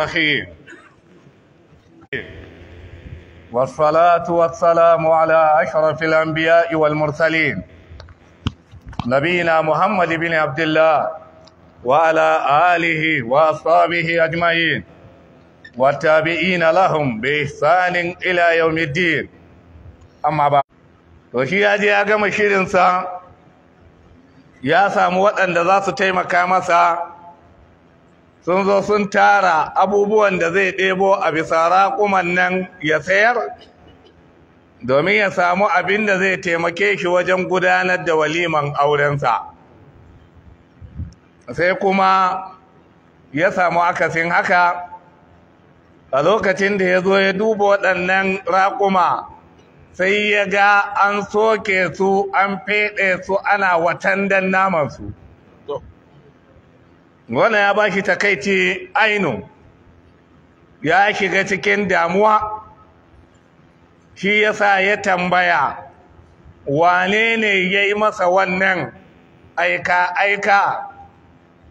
الرحيم والصلاة والسلام على أشرف الأنبياء والمرسلين نبينا محمد بن عبد الله وعلى آله وأصحابه أجمعين والتابعين لهم بإحسان إلى يوم الدين أما بعد وشي أجي أقام الشيرين سا يا ساموات أن ذا ستيمة كامسا sun zo sun tara abubuwan da zai ɗebo a bisa raƙuman nan ya sayar domin ya samu abin da zai taimake shi wajen gudanar da waliman aurensa sai kuma ya samu akasin haka a lokacin da ya zo ya duba waɗannan raƙuma sai ya ga an soke su an feɗe su ana watan watandan namansu wannan ya bashi takaici ainu ya shiga cikin damuwa shi ya sa ya tambaya wane ne ya yi masa wannan aika-aika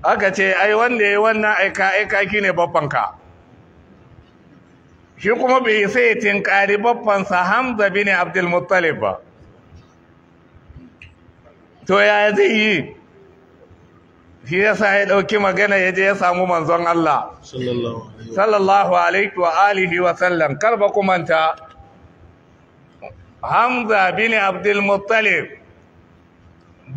aka ce ai wanda ya yi wannan aika-aika shi ne babbanka shi kuma bai sai tinkari babbansa hamza bin abdulmuttalib ba to ya zai yi shi yasa ya dauki magana ya je ya samu manzon Allah sallallahu alaihi wa alihi wa sallam karba kumanta Hamza bin Abdul Muttalib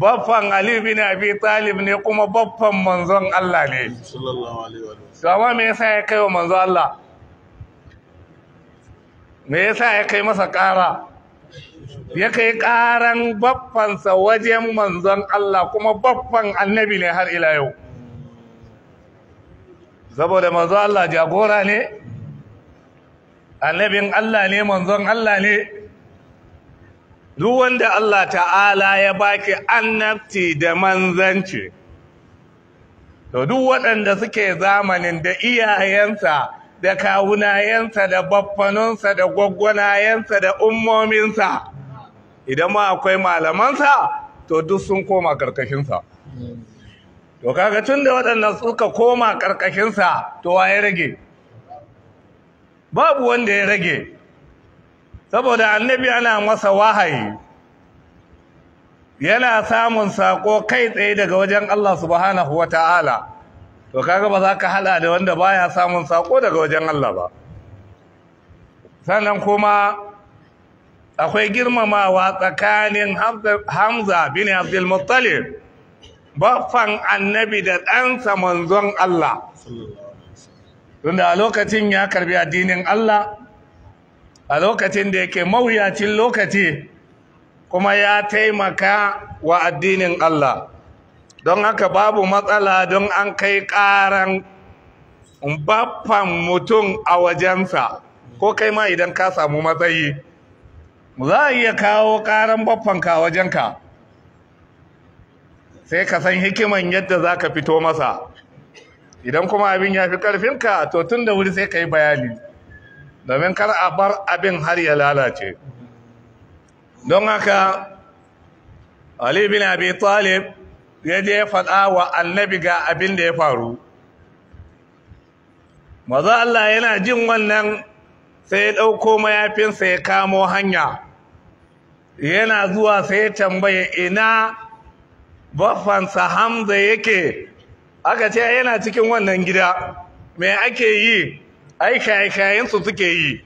baffan Ali bin Abi Talib ne kuma baffan manzon Allah ne sallallahu alaihi wa sallam me yasa ya kai wa manzon Allah me yasa ya kai masa ƙara ya kai ƙaran baffansa wajen manzon Allah kuma baffan annabi ne har ila yau saboda manzon Allah jagora ne annabin Allah ne manzon Allah ne duk wanda Allah ta'ala ya baki annabci da manzanci to duk waɗanda suke zamanin da iyayensa da kawunayensa da baffanonsa da gwaggwanayensa da ummominsa idan ma akwai malamansa to duk sun koma karkashinsa to kaga tun da waɗannan suka koma karkashinsa to wa ya rage babu wanda ya rage saboda annabi ana masa wahayi yana samun sako kai tsaye daga wajen Allah subhanahu wata'ala to kaga ba za ka hada da wanda baya samun sako daga wajen Allah ba sannan kuma akwai girmamawa tsakanin hamza bin muttalib baffan annabi da ɗansa manzon Allah tunda a lokacin ya karbi addinin Allah a lokacin da yake mawuyacin lokaci kuma ya taimaka wa addinin Allah don haka babu matsala don an kai ƙaran baffan mutum a wajensa ko kai ma idan ka samu matsayi za a iya kawo ƙaran baffanka ka. sai ka san hikiman yadda za ka fito masa idan kuma abin ya fi ƙarfinka to tun da wuri sai ka yi bayani domin kar a bar abin har ya lalace don haka ali bin abi talib ya je ya faɗa wa annabi ga abin da ya faru maza Allah yana jin wannan sai ya ɗauko mayafinsa ya kamo hanya yana zuwa sai ya tambaya ina bafansa hamza yake aka ce yana cikin wannan gida me ake yi ai kayakayensu suke yi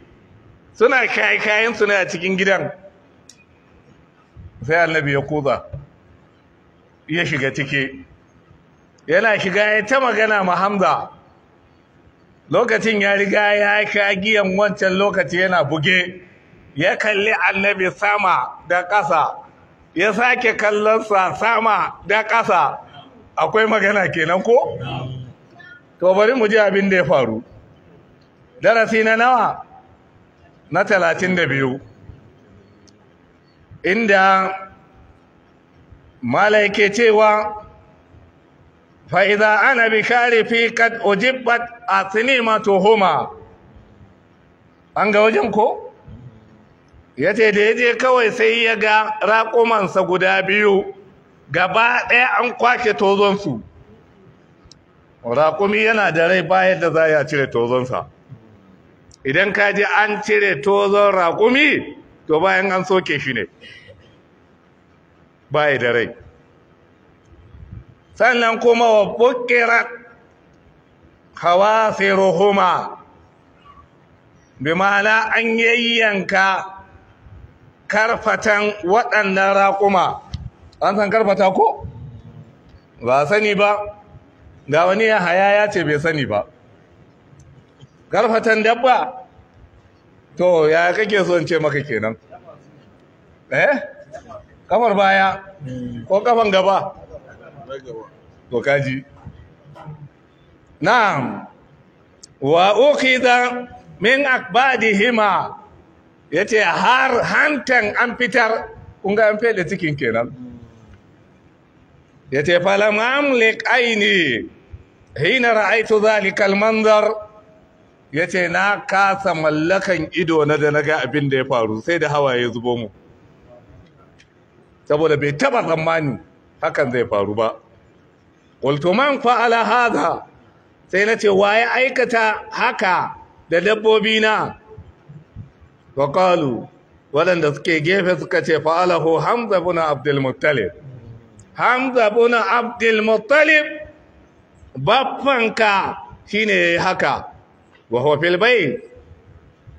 suna kayakayensu ne a cikin gidan sai annabi ya kuza ya shiga ciki yana shiga ya ta magana ma hamza lokacin ya riga ya sha giyan wancan lokaci yana buge ya kalli annabi sama da ƙasa ya sake kallonsa sama da ƙasa akwai magana kenan ko? to bari mu ji abin da ya faru darasi na nawa na talatin da biyu inda malaike yake cewa فإذا أنا بشارفي قد أجبت أثنيمتهما an ga wajen ko ya da yaje kawai sai ya ga raƙumansa guda biyu gaba ɗaya an tozon tozonsu raƙumi yana da rai bayan da za ya cire tozonsa idan ka ji an cire tozon raƙumi to bayan an soke shi ne baya da rai sannan kuma wa hawa sai hawasiruhuma bi ma'ana an yayyanka karfatan waɗannan raƙuma an san karfata ko ba sani ba ga wani ya haya ya ce bai sani ba karfatan dabba to ya kake son ce maka kenan eh kamar baya ko kafan gaba to na'am wa ukhidha min akbadihima yace har hantan an fitar kun an fede cikin kenan yace falam amlik aini hina ra'aytu dhalika almanzar yace na kasa mallakan ido na da naga abin da ya faru sai da hawaye zubo mu saboda bai taɓa tsammani hakan zai faru ba qultu man fa'ala na sai wa waye aikata haka da dabbobi na wa waɗanda suke gefe suka ce fa'alahu hamza buna abdul Hamza buna ibn abdul ka shi ne haka wa hofil bai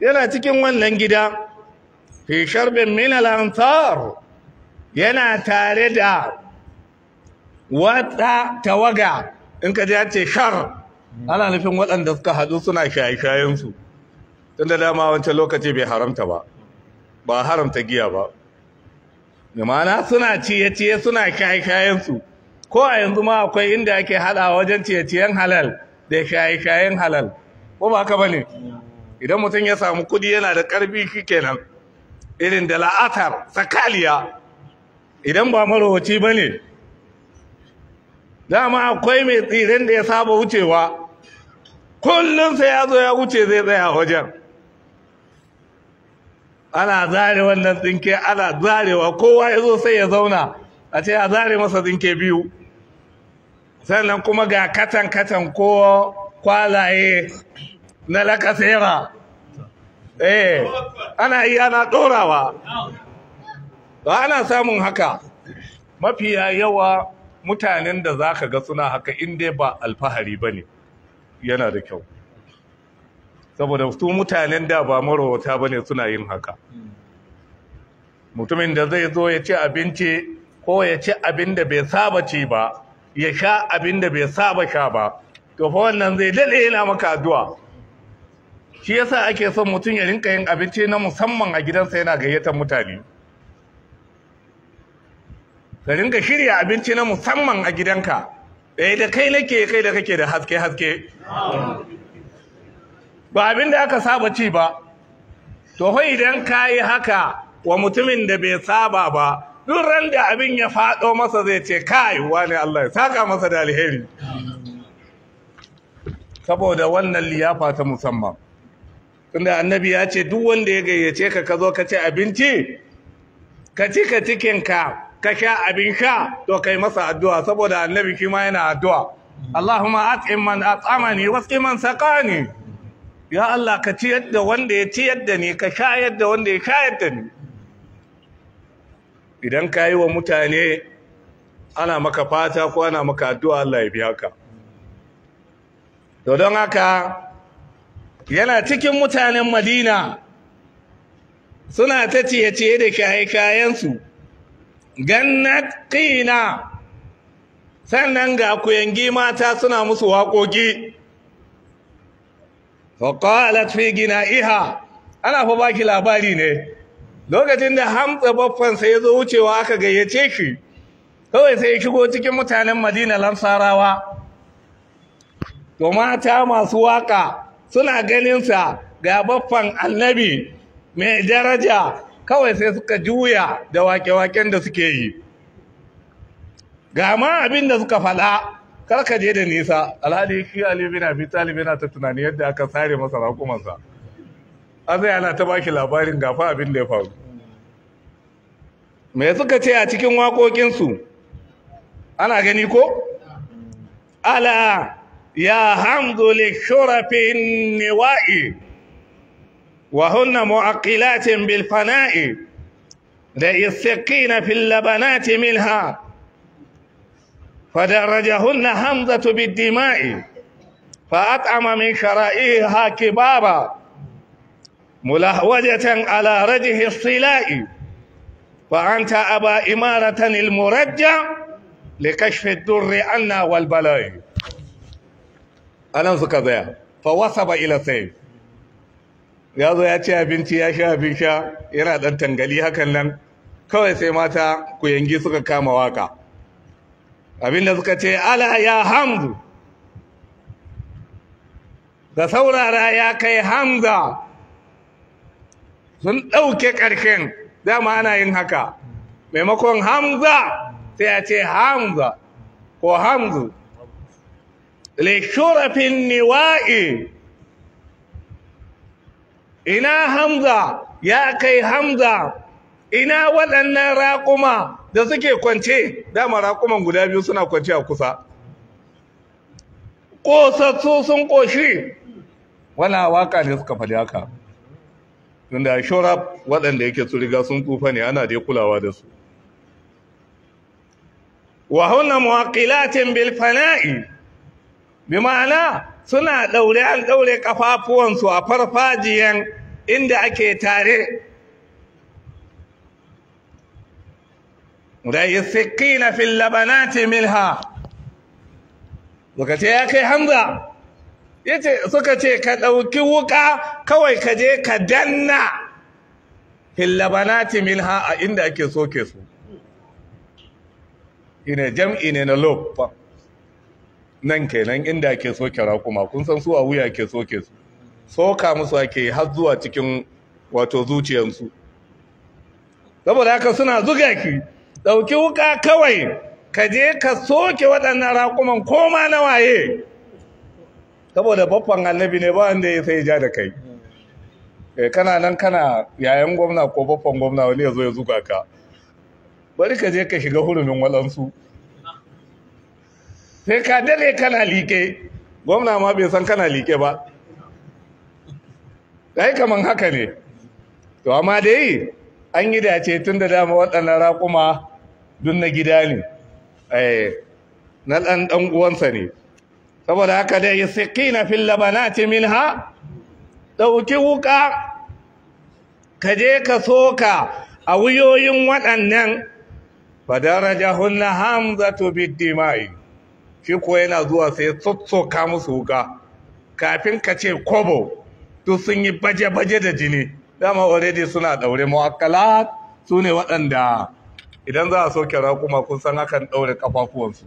yana cikin wannan gida fi sharbin minalansar yana tare da wata tawaga in ka ya ce shar ana nufin waɗanda suka haɗu suna shaye-shayensu tun da dama wancan lokaci bai haramta ba ba haramta giya ba ma'ana suna ciye-ciye suna shaye ko a yanzu ma akwai inda ake haɗa wajen ciye-ciyen halal da shaye-shayen halal ko ba ka ba ne idan mutum ya samu kuɗi yana da ƙarfi shi kenan irin da la'atar tsakaliya idan ba marowaci ba ne dama akwai mai tsiren da ya saba wucewa kullum sai ya zo ya wuce zai tsaya wajen ana zare wannan tsinke ana zarewa kowa ya zo sai ya zauna a ce a zare masa tsinke biyu sannan kuma ga katan katan ko kwalaye na lakasera eh ana yi ana ɗorawa ba ana samun haka mafiya yawa mutanen da za ka ga suna haka inda ba alfahari ba ne yana da kyau saboda su mutanen da ba marowata ba ne suna yin haka mutumin da zai zo ya ci abinci ko ya ci abin da bai saba ci ba ya sha abin da bai saba sha ba to fa wannan zai dade yana maka addu'a shi yasa ake son mutum ya rinka yin abinci na musamman a gidansa yana gayyatar mutane ka ringa shirya abinci na musamman a gidanka ɗaya eh, da kai nake kai da kake da haske-haske ba abin da aka saba ci ba to hoi idan ka yi haka wa mutumin da bai saba ba duk ran da abin ya faɗo masa zai ce kai ne Allah ya saka masa da alheri saboda wannan liyafa ta musamman tunda annabi ya ce duk wanda ya gayyace ka ka zo ka ci abinci ka ci ka cikinka ka sha abin sha to kai masa addu'a saboda annabi shi ma yana addu'a Allahumma at'im man at'amani wasqi man saqani ya Allah ka ci yadda wanda ya ci yadda ni ka sha yadda wanda ya sha yadda ni idan ka yi wa mutane ana maka fata ko ana maka addu'a Allah ya biya ka to don haka yana cikin mutanen Madina suna ta ciye-ciye da kayan kayansu gannat kina sannan ga kuyangi mata suna musu waƙoƙi faƙalat fi iha. ana fa baki labari ne lokacin da hamza baffan sai ya zo wucewa aka gayyace shi kawai sai ya shigo cikin mutanen madina lansarawa to mata masu waƙa suna ganinsa ga baffan annabi mai daraja kawai sai suka juya da wake-waken da suke yi ga ma abin da suka faɗa karka je da nisa alhali shi alibi na fi talibi na ta tunani yadda aka sare masa rakumansa azai ana ta baki labarin gafa abin da ya faru mai suka ce a cikin waƙoƙinsu ana gani ko ala ya hamdu li shurafin niwa'i وهن معقلات بالفناء للثقين في اللبنات منها فدرجهن همزة بالدماء فأطعم من شرائها كبابا ملهوجة على رجه الصلاء فأنت أبا إمارة المرجع لكشف الدر عنا والبلاء ألم كذا فوصب إلى سيف ya zo ya ci abinci ya sha abin sha yana ɗan tangali hakan nan kawai sai mata ku yangi suka kama waka abinda suka ce ala ya hamzu da saurara ya kai hamza sun ɗauke ƙarshen dama ana yin haka maimakon hamza sai yace ce hamza ko hamzu lishurafin niwa'i ina hamza ya kai hamza ina waɗannan raƙuma da suke kwance dama raƙuman guda biyu suna kwance a kusa ƙosassu sun ƙoshi Wani waka ne suka faɗi haka tunda shorab waɗanda yake su sun tsufa ne ana dai kulawa da su wa hunna muwaqilatin bilfana'i bi suna daure an ɗaure ƙafafuwansu a farfajiyan inda ake tare da sikina fil labanati milha suka ya kai hamza yace suka ce ka ɗauki wuƙa kawai ka je ka danna fil labanati milha a inda ake soke su ina jam'i ne na lofa nan kenan inda ake soke raƙuma kun san su a wuya ke soke su soka musu ake har zuwa cikin wato zuciyarsu saboda haka suna zuga ki ɗauki wuka kawai ka je ka soke waɗannan raƙuman koma na waye saboda babban annabi ne ba wanda ya sai ja da kai eh, kana nan kana yayan gwamna ko babban gwamna wani ya zo ya zuga ka bari ka je ka shiga hurumin waɗansu. sai ka dare kana liƙe gwamna ma bai san kana liƙe ba ai kaman haka ne to amma dai an yi dace tun da dama waɗannan raƙuma dun na gida ne eh, na ɗan ɗan uwansa ne saboda haka da dai sikina ce min ha? ɗauki wuƙa ka je ka soka a wuyoyin waɗannan Hamza to hamzatu biddima'i shi ko yana zuwa sai ka musu wuka kafin ka ce kobo duk sun yi baje-baje da jini dama already suna daure mu'akkalat su ne waɗanda idan za a soke raƙuma kun san akan ɗaure kafafuwansu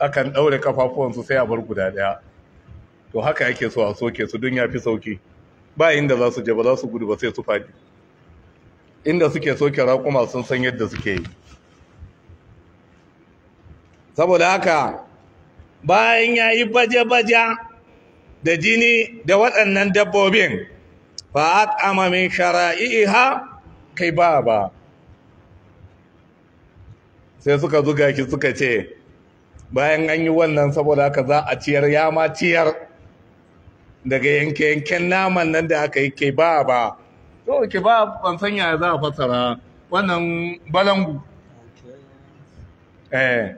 akan ɗaure kafafuwansu sai a bar guda ɗaya to haka yake so a soke su don ya fi sauki ba inda za su je ba za su gudu ba sai su faɗi inda suke soke raƙuma sun san yadda suke yi saboda haka bayan ya yi baje-baje da jini da waɗannan dabbobin ba a ƙamamin sharai ha kai ba ba sai suka zuga ki suka ce bayan an yi wannan saboda haka za a ciyar ya ma ciyar daga yanke-yanken naman nan da aka yi ke ba ba to ke ba ban yaya za a fasara wannan balangu eh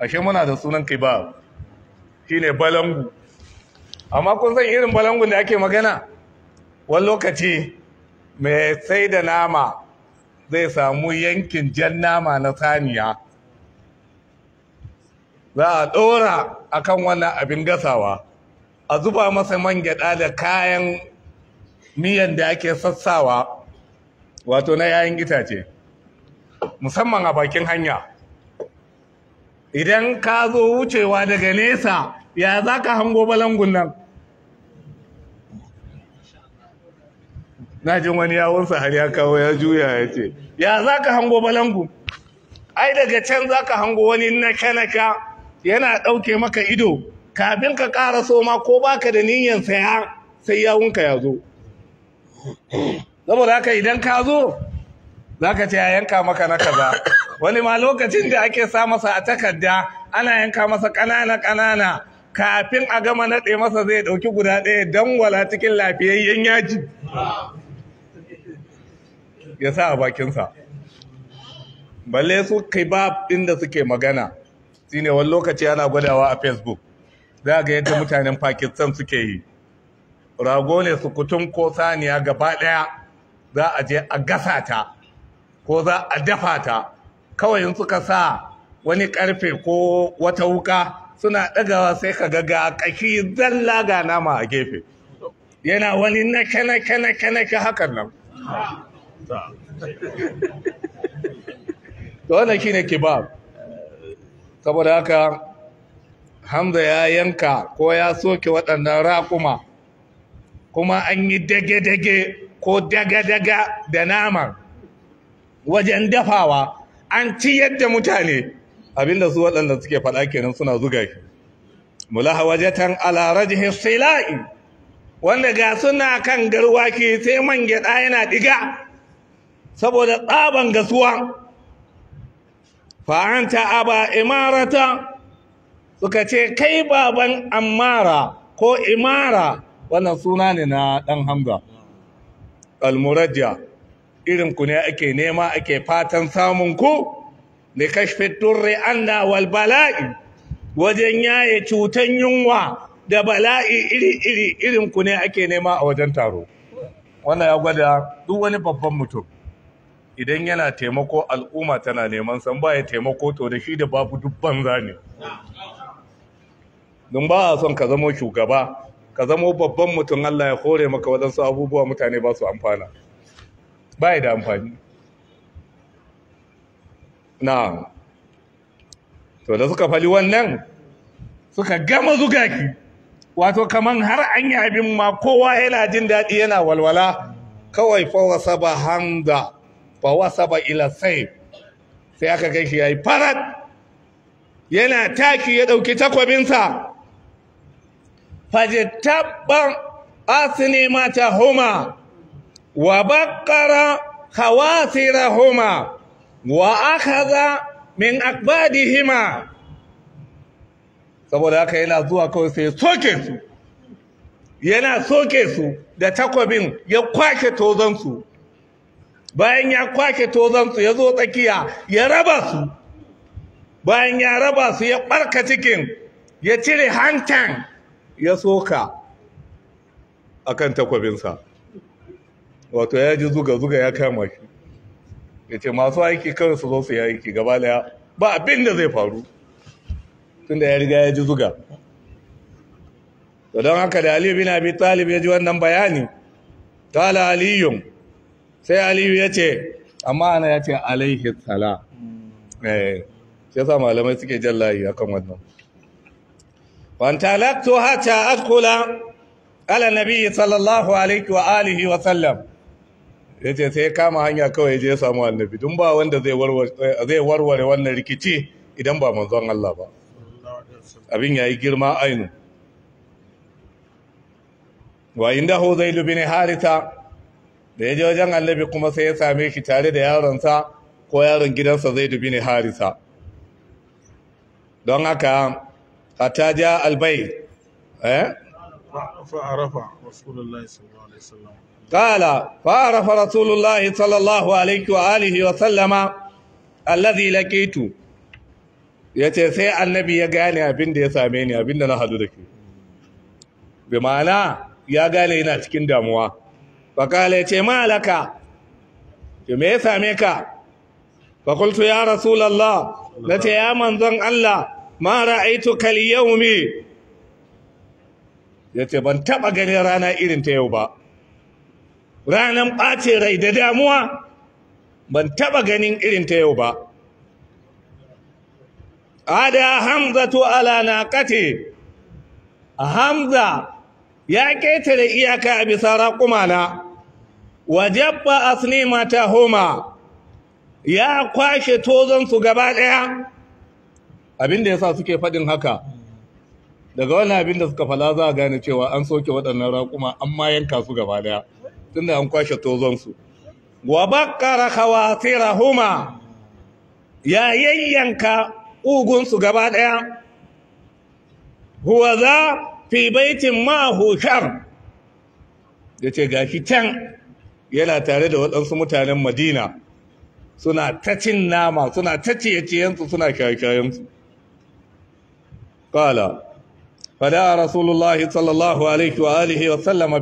ashe muna da sunan kiba ne balangu amma kun san irin balangu da ake magana wani lokaci mai sai da nama zai samu yankin jan nama na saniya za a ɗora kan wannan abin gasawa a zuba masa man gyaɗa da kayan miyan da ake sassawa wato na yayin itace musamman a bakin hanya idan ka zo wucewa daga nesa ya za ka hango balangun nan na jin wani yawonsa har ya kawo ya juya ya ce ya za ka hango balangun ai daga can za ka hango wani naka-naka yana ɗauke maka ido kafin ka ƙara soma ko baka da niyyar saya sai yawunka ya zo saboda haka idan ka zo za ka ce ya yanka maka na kaza wani ma lokacin da ake sa masa a takarda ana yanka masa ƙanana ƙanana kafin a gama naɗe masa zai ɗauki guda ɗaya don wala cikin lafiyayyen yaji ya sa a bakinsa balle su kai ɗin da suke magana ne wani lokaci ana gwadawa a facebook za ga yadda mutanen pakistan suke yi rago ne su kutum ko saniya gaba ɗaya za a je a gasa ta ko za a dafa ta kawai in suka sa wani karfe ko wata wuka suna ɗagawa sai ka ga ga kashi zalla ga nama a gefe yana wani nake nake nake nake hakan nan to wannan shine kebab saboda haka Hamza ya yanka ko ya soke waɗannan raƙuma kuma an yi dage-dage ko daga-daga da naman wajen dafawa an ci yadda mutane abinda su waɗanda suke faɗa kenan suna zuga shi mulaha wajatan ala rajhi silai wanda ga suna kan garwaki sai man gyaɗa yana diga saboda tsaban gasuwa fa'anta aba imarata suka ce kai baban amara ko imara wannan suna ne na ɗan hamza al-murajja irin ku ne ake nema ake fatan samun ku li kashfet turri anna wal bala'i wajen yaye cutan yunwa da bala'i iri iri irin ku ne ake nema a wajen taro wannan ya gwada duk wani babban mutum idan yana taimako al'umma tana neman san ba ya taimako to da shi da babu dubban zane don ba a son ka zamo shugaba ka zamo babban mutum Allah ya hore maka waɗansu abubuwa mutane ba su amfana ba da amfani na to da suka fali wannan suka gama zugaki wato kamar har an yi abin ma kowa yana jin daɗi yana walwala kawai fawa ba hamza fawa ba ila sai sai aka kai shi ya yi farat yana taki ya ɗauki takwabinsa faje tabban asini mata homa وبقر خواثرهما وأخذ من أقبادهما saboda haka yana zuwa kawai sai soke su yana soke su da takwabin ya kwake tozonsu bayan ya kwake tozansu ya zo tsakiya ya raba su bayan ya raba su ya ɓarka cikin ya cire hantan ya soka akan takwabinsa wato ya ji zuga-zuga ya kama shi ya ce masu aiki kan su zo su yi aiki gaba daya ba abin da zai faru tun da ya riga ya ji zuga to don haka da aliyu bin abi talib ya ji wannan bayani tala Aliyu sai aliyu ya ce amma ana ya ce alaihi sala eh sai sa malamai suke jan layi akan wannan وان تلقت حتى ادخل على sallallahu alaihi wa عليه wa sallam. ya ce sai ya kama hanya kawai ya je ya samu annabi don ba wanda zai warware wannan rikici idan ba manzon Allah ba abin ya yi girma ainu wa inda hu zai ne harita da ya je wajen annabi kuma sai ya same shi tare da yaronsa ko yaron gidansa zai ne harita don haka hatta ja albai eh fa'arafa sallallahu alaihi wasallam قال فعرف رسول الله صلى الله عليه وآله وسلم الذي لقيته yace sai annabi ya gane abin da ya same ni abin da na hadu da ke bi ma'ana ya gane yana cikin damuwa faƙala ya ce ma'alaka ce me ya same ka faƙultu ya rasulallah na ce ya manzon Allah ma ra'aitu kal yaumi ya ce ban taɓa ganin rana irin ta yau ba ranan ɓace rai da damuwa ban taɓa ganin irin ta yau ba ada Hamza, to ala kate hamza ya da iyaka a bisa raƙumana wajabba ta homa ya kwashe tozonsu gaba ɗaya abinda sa suke faɗin haka daga wani abinda suka fala za a gane cewa an soke waɗannan raƙuma an yanka su gaba ɗaya tunda an kwashe tozonsu wa bakkara khawatirahuma ya yayyanka ugunsu gaba daya huwa za fi baitin ma hushar ce gashi can yana tare da waɗansu mutanen Madina suna ta cin nama suna ta ciye-ciyensu suna shaye-shayensu qala fada rasulullahi sallallahu alaihi wa alihi wa sallama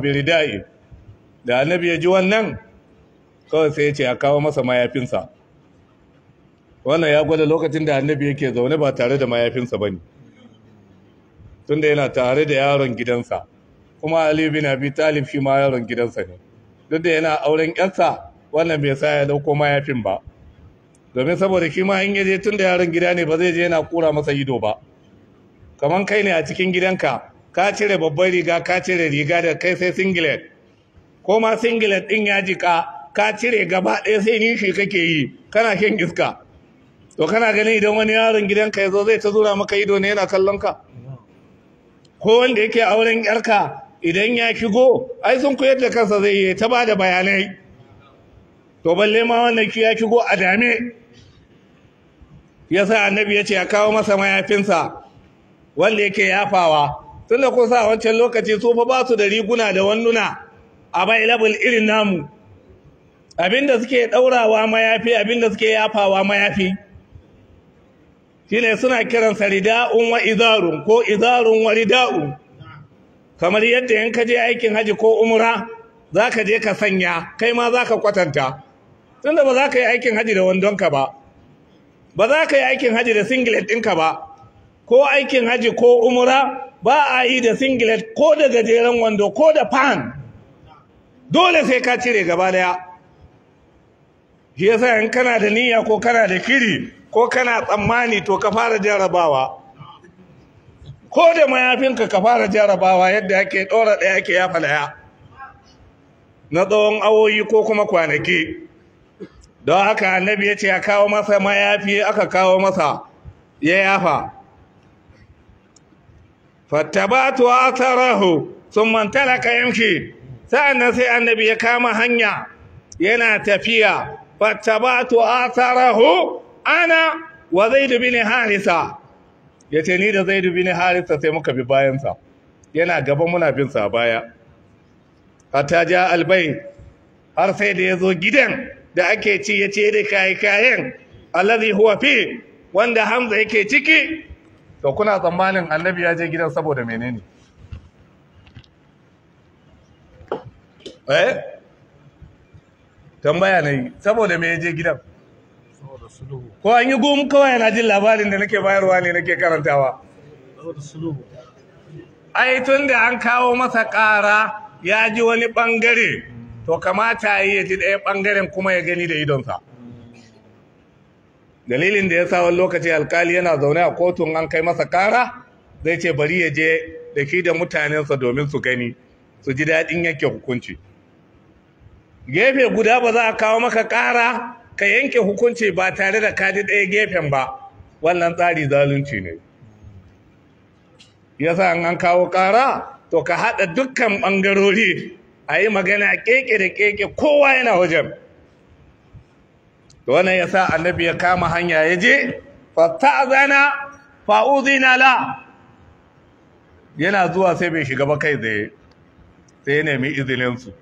da annabi ya ji wannan kawai sai ya ce a kawo masa mayafinsa wannan ya gwada lokacin da annabi yake zaune ba tare da mayafinsa ba ne tunda yana tare da yaron gidansa kuma ali bin abi talib shi ma yaron gidansa ne duk da yana auren yarsa wannan bai sa ya dauko mayafin ba domin saboda shi ma in yaje tunda yaron gida ne ba zai je yana kura masa ido ba Kamar kai ne a cikin gidanka ka cire babbar riga ka cire riga da kai sai singlet ko ma singlet ɗin ya jika ka cire gaba ɗaya sai nishi kake yi kana shan iska to kana ganin idan wani yaron gidanka ya zo zai ta zura maka ido ne yana kallon ka ko wanda yake auren yarka idan ya shigo ai sun koyar da kansa zai yi ta ba da bayanai to balle ma wannan shi ya shigo a dame ya sa annabi ya ce ya kawo masa mayafinsa wanda yake yafawa tun da kusa a wancan lokaci su fa ba su da riguna da wannuna available irin namu abinda suke ɗaurawa mayafi abinda suke yafawa mayafi shine suna kiransa sarida'un wa izarun ko izarun wa rida'u kamar yadda in ka je aikin haji ko umra za je ka sanya kai ma zaka kwatanta tunda ba za ka yi aikin haji da wandonka ba ba za yi aikin haji da singlet ɗinka ba ko aikin haji ko umra ba a yi da singlet ko da gajeren wando ko da fan dole sai ka cire gaba daya shi yasa in kana da niyya ko kana da kiri ko kana tsammani to ka fara jarabawa ko da mayafinka ka fara jarabawa yadda ake ɗora ɗaya ake yafa ɗaya na tsawon awoyi ko kuma kwanaki don haka annabi ya ce a kawo masa mayafi aka kawo masa ya yafa fattabatu sun mantala ka yamshi sa'annan sai annabi ya kama hanya yana tafiya fattabatu atharahu ana wa zaid bin harisa yace ni da zaid bin harisa sai muka bi bayansa yana gaba muna bin sa baya hatta ja albay har sai da ya zo gidan da ake ci yace da kai kayan allazi huwa fi wanda hamza yake ciki to kuna tsammanin annabi ya je gidan saboda menene eh tambaya ne saboda me je gidan ko an yi gum kawai yana jin labarin da nake bayarwa ne nake karantawa ai tun da an kawo masa ƙara ya ji wani bangare to kamata ya ji ɗaya bangaren kuma ya gani da idonsa dalilin da ya sa wani lokaci alkali yana zaune a kotun an kai masa ƙara zai ce bari ya je da shi da mutanensa domin su gani su ji daɗin yanke hukunci gefe guda ba za a kawo maka ƙara ka yanke hukunci ba tare da kaji ɗaya gefen ba wannan tsari zalunci ne yasa an kawo ƙara to ka haɗa dukkan ɓangarori a yi magana keke da keke kowa yana wajen wannan ya sa annabi ya kama hanya ya je zana fa'uzina la yana zuwa sai bai shiga ba kai tsaye sai ya nemi izininsu.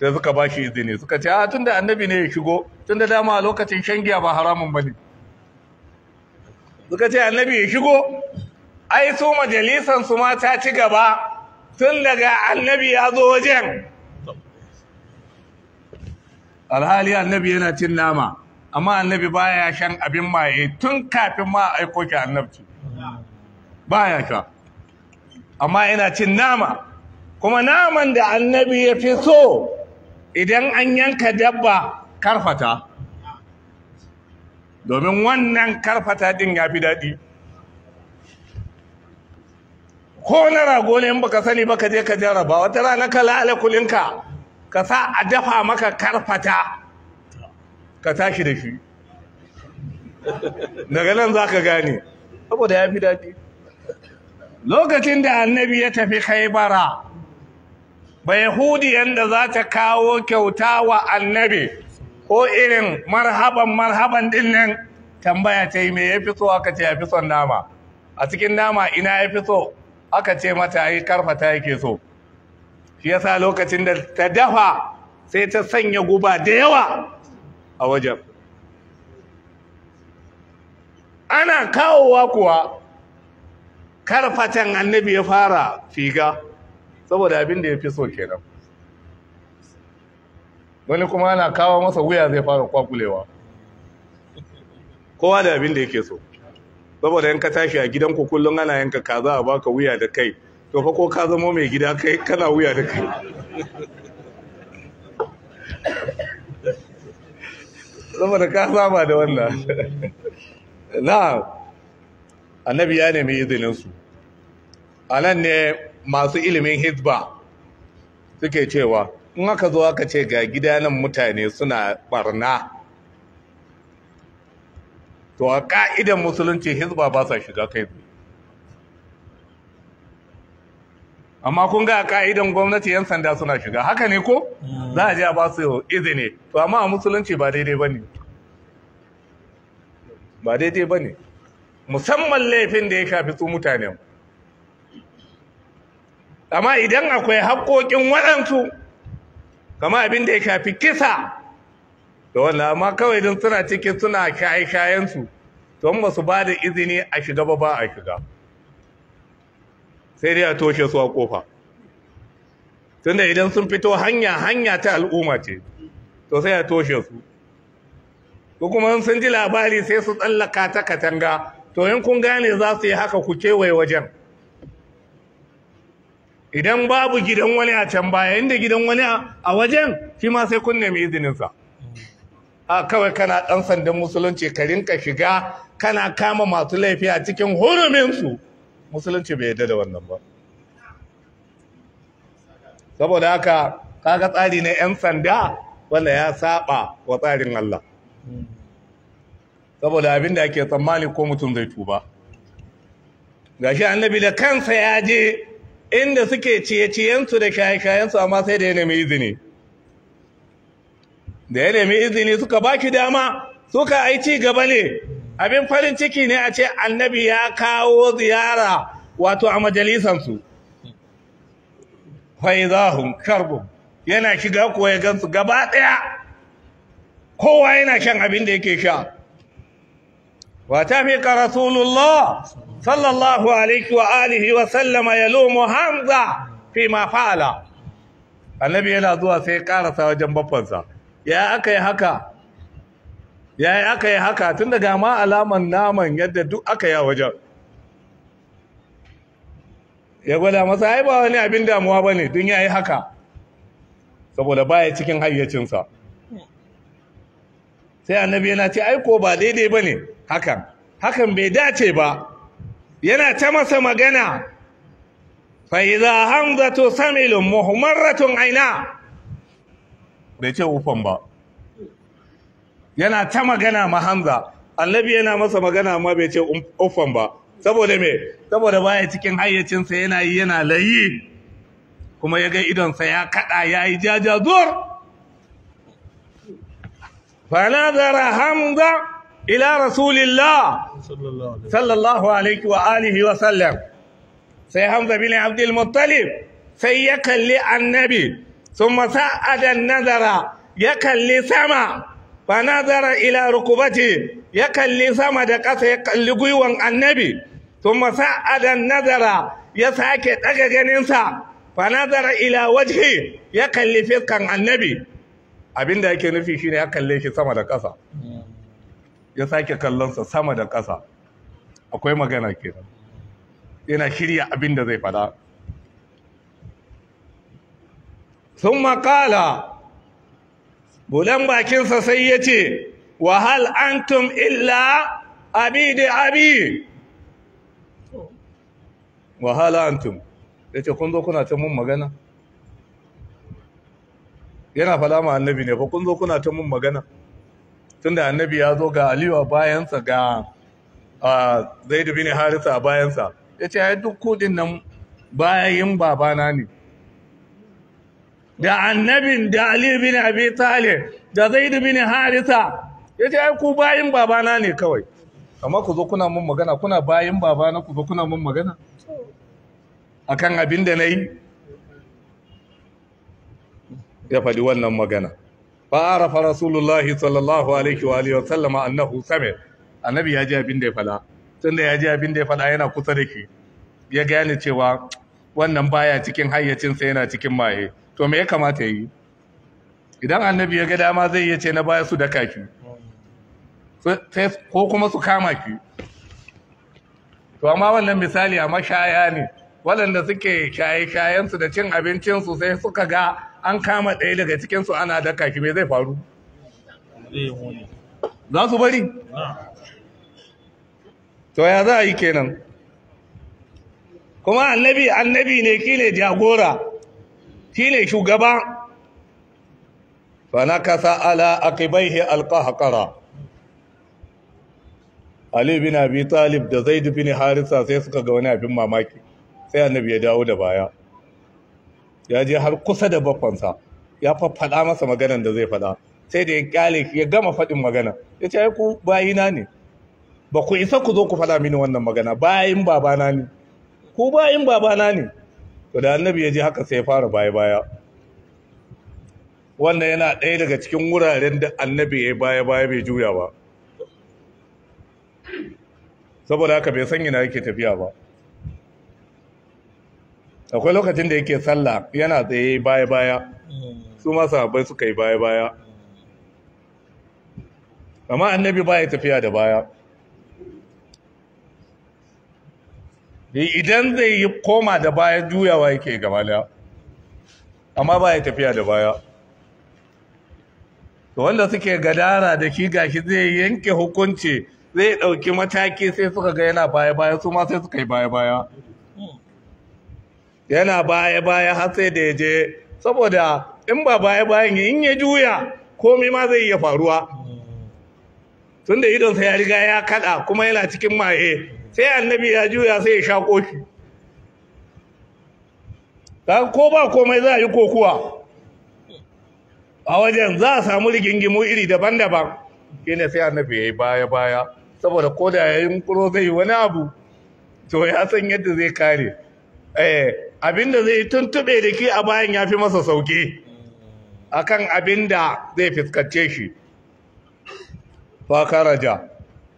sai suka ba shi izini suka ce a ah, tunda annabi ne ya shigo tunda dama a lokacin shan giya ba haramun ba ne. suka ce annabi ya shigo ai su majalisan su ma ta ci gaba tun daga annabi ya zo wajen alhali annabi yana cin nama amma annabi baya shan abin maye tun kafin ma aiko shi annabci baya sha amma yana cin nama kuma naman da annabi ya fi so idan an yanka dabba karfata domin wannan karfata din ya fi daɗi ko na rago ne in baka sani baka je ka jarraba wata rana ka la'ala kulinka ka sa a dafa maka karfata ka tashi da shi daga nan za ka gane saboda ya fi daɗi lokacin da annabi ya tafi khaibara bayahudiyan da za ta kawo kyauta wa annabi ko irin marhaban marhaban din nan tambaya ta yi me ya fi so aka ce ya fi son nama a cikin nama ina ya fi so aka ce mata yi karfata yake so shi yasa lokacin da ta dafa sai ta sanya guba da yawa a wajen ana kawowa kuwa karfatan annabi ya fara figa saboda abin da ya fi so kenan wani kuma ana kawo masa wuya zai fara kwakulewa kowa da abin da yake so saboda yanka tashi a gidan ku kullum ana yanka kaza a baka wuya da kai to fa ko ka zama mai gida kai kana wuya da kai saboda ka saba da wannan na annabi ya nemi izinin su anan ne masu ilimin hizba suke cewa in aka zo aka ce ga gidanan mutane suna barna to a ka'idan musulunci hizba ba sa shiga kai amma kun ga ka'idan gwamnati yan sanda suna shiga haka ne ko za a je ba su izini to amma a musulunci ba daidai ba ne ba daidai ba ne musamman laifin da ya shafi su mutanen amma idan akwai haƙoƙin waɗansu kama abin da ya shafi kisa da wannan amma kawai don suna cikin suna shaye-shayensu don ba su ba da izini a shiga ba ba a shiga sai dai a toshe su a ƙofa tunda idan sun fito hanya hanya ta al'umma ce to sai a toshe su ko kuma sun ji labari sai su tsallaka ta katanga to yin kun gane za su yi haka ku kewaye wajen idan babu gidan wani a can baya inda gidan wani a wajen shi ma sai kun nemi izininsa a kawai kana ɗan sandan musulunci ka rinka shiga kana kama masu laifi a cikin huruminsu musulunci bai yarda da wannan ba saboda haka kaga tsari na 'yan sanda wanda ya saba wa tsarin Allah saboda abin da ake tsammani ko mutum zai tuba gashi annabi da kansa ya je inda suke ciye-ciyensu da kayan amma sai da ya nemi izini da ya nemi izini suka baki dama suka aici gaba ne abin farin ciki ne a ce annabi ya kawo ziyara wato a majalisansu faizahun karbu yana shiga kuwa ya gansu gaba ɗaya kowa yana shan abin da yake sha wata fi ka rasulullah صلى الله عليه وآله وسلم يلوم حمزة فيما فعل Annabi yana zuwa sai karasa wajen babbansa ya aka yi haka ya aka yi haka tun daga ma alaman naman yadda duk aka yi wajen ya gwada masa ai ba wani abin damuwa bane dun yi haka saboda baya cikin hayyacinsa sai annabi yana ce ai ko ba daidai bane hakan hakan bai dace ba yana ta masa magana fa idza hamzatu samilun muhmaratun aina bai ce ufan ba yana ta magana ma hamza annabi yana masa magana ma bai ce um, ufan ba saboda me saboda baya cikin hayyacinsa yana yi yana layi kuma ya ga idonsa ya kada ya yi jajazuwar fa nazara hamza ila rasulillah sallallahu alaihi wa wa sallam sai hamza bin abdul muttalib sai ya kalli annabi thumma sa'ada nazara ya kalli sama fa ila rukubati ya kalli sama da ƙasa ya kalli gwiwan annabi thumma sa'ada nazara ya sake ɗaga ganinsa Fanazara ila wajhi ya kalli fiskan annabi abinda yake nufi shine ya kalle shi sama da ƙasa ya sake kallonsa sama da ƙasa akwai magana kenan yana shirya abin da zai fada sun makala bulan bakinsa sai ya ce wahal antum illa abi da abi wahal antum ya ce kun zo kuna ta mun magana yana fada ma annabi ne ko kun zo kuna ta mun magana tunda annabi ya zo ga aliyu a bayansa ga zaidu bin harisa a bayansa ya ce ya duk kudin nan bayan babana ne da annabin da aliyu bin abi tale da zaidu bin harisa ya ce ya bayin bayan babana ne kawai amma ku zo kuna mun magana kuna bayan babana ku zo kuna mun magana A kan abin da na yi ya faɗi wannan magana fa'arafa rasulullahi sallallahu alaihi wa alihi wa sallama annahu sami annabi ya ji abin da ya fada tunda ya ji abin da ya fada yana kusa da ke ya gane cewa wannan baya cikin hayyacinsa yana cikin maye to me ya kamata ya yi idan annabi ya ga dama zai yi ce na baya su daka ki ko kuma su kama ki to amma wannan misali a mashaya ne wadanda suke shaye-shayensu da cin abincinsu sai suka ga an kama ɗaya daga cikinsu ana daka ki mai zai faru za su bari to ya za a yi kenan kuma annabi annabi ne ki ne jagora ki ne shugaba kasa ala aqibaihi alqahqara Ali bin Abi Talib da dubi bin Harisa sai suka ga wani abin mamaki sai annabi ya dawo da baya ya je har kusa da bakwansa ya faɗa masa maganan da zai faɗa sai da ya kyale ya gama faɗin magana ya ce ku bayina ne ba ku isa ku zo ku faɗa mini wannan magana bayin babana ne ku bayin babana ne to da annabi ya je haka sai ya fara baya baya wannan yana ɗaya daga cikin wuraren da annabi ya baya baya bai juya ba saboda haka bai san ina yake tafiya ba akwai lokacin da yake sallah yana tsaye baya-baya su ma abai suka yi baya-baya amma annabi ba ya tafiya da baya idan zai yi koma da baya juyawa yake gabaliya amma ba ya tafiya da baya wanda suke gadara da shi gashi zai yanke hukunci zai ɗauki mataki sai suka ga yana baya-baya su ma sai suka yi baya-baya yana baya baya har sai da ya je saboda in ba baya bayan in ya juya komai ma zai iya faruwa Tun tunda idonsa ya riga ya kada kuma yana cikin maye sai annabi ya juya sai ya sha shi. ko ba komai za a yi kokuwa a wajen za a samu rigingimu iri daban-daban shine sai annabi ya yi baya-baya saboda ko da ya yi kuro zai wani abu to ya san yadda zai kare eh, Abin da zai tuntube da ke a bayan ya fi masa sauki akan da zai fiskance shi fakaraja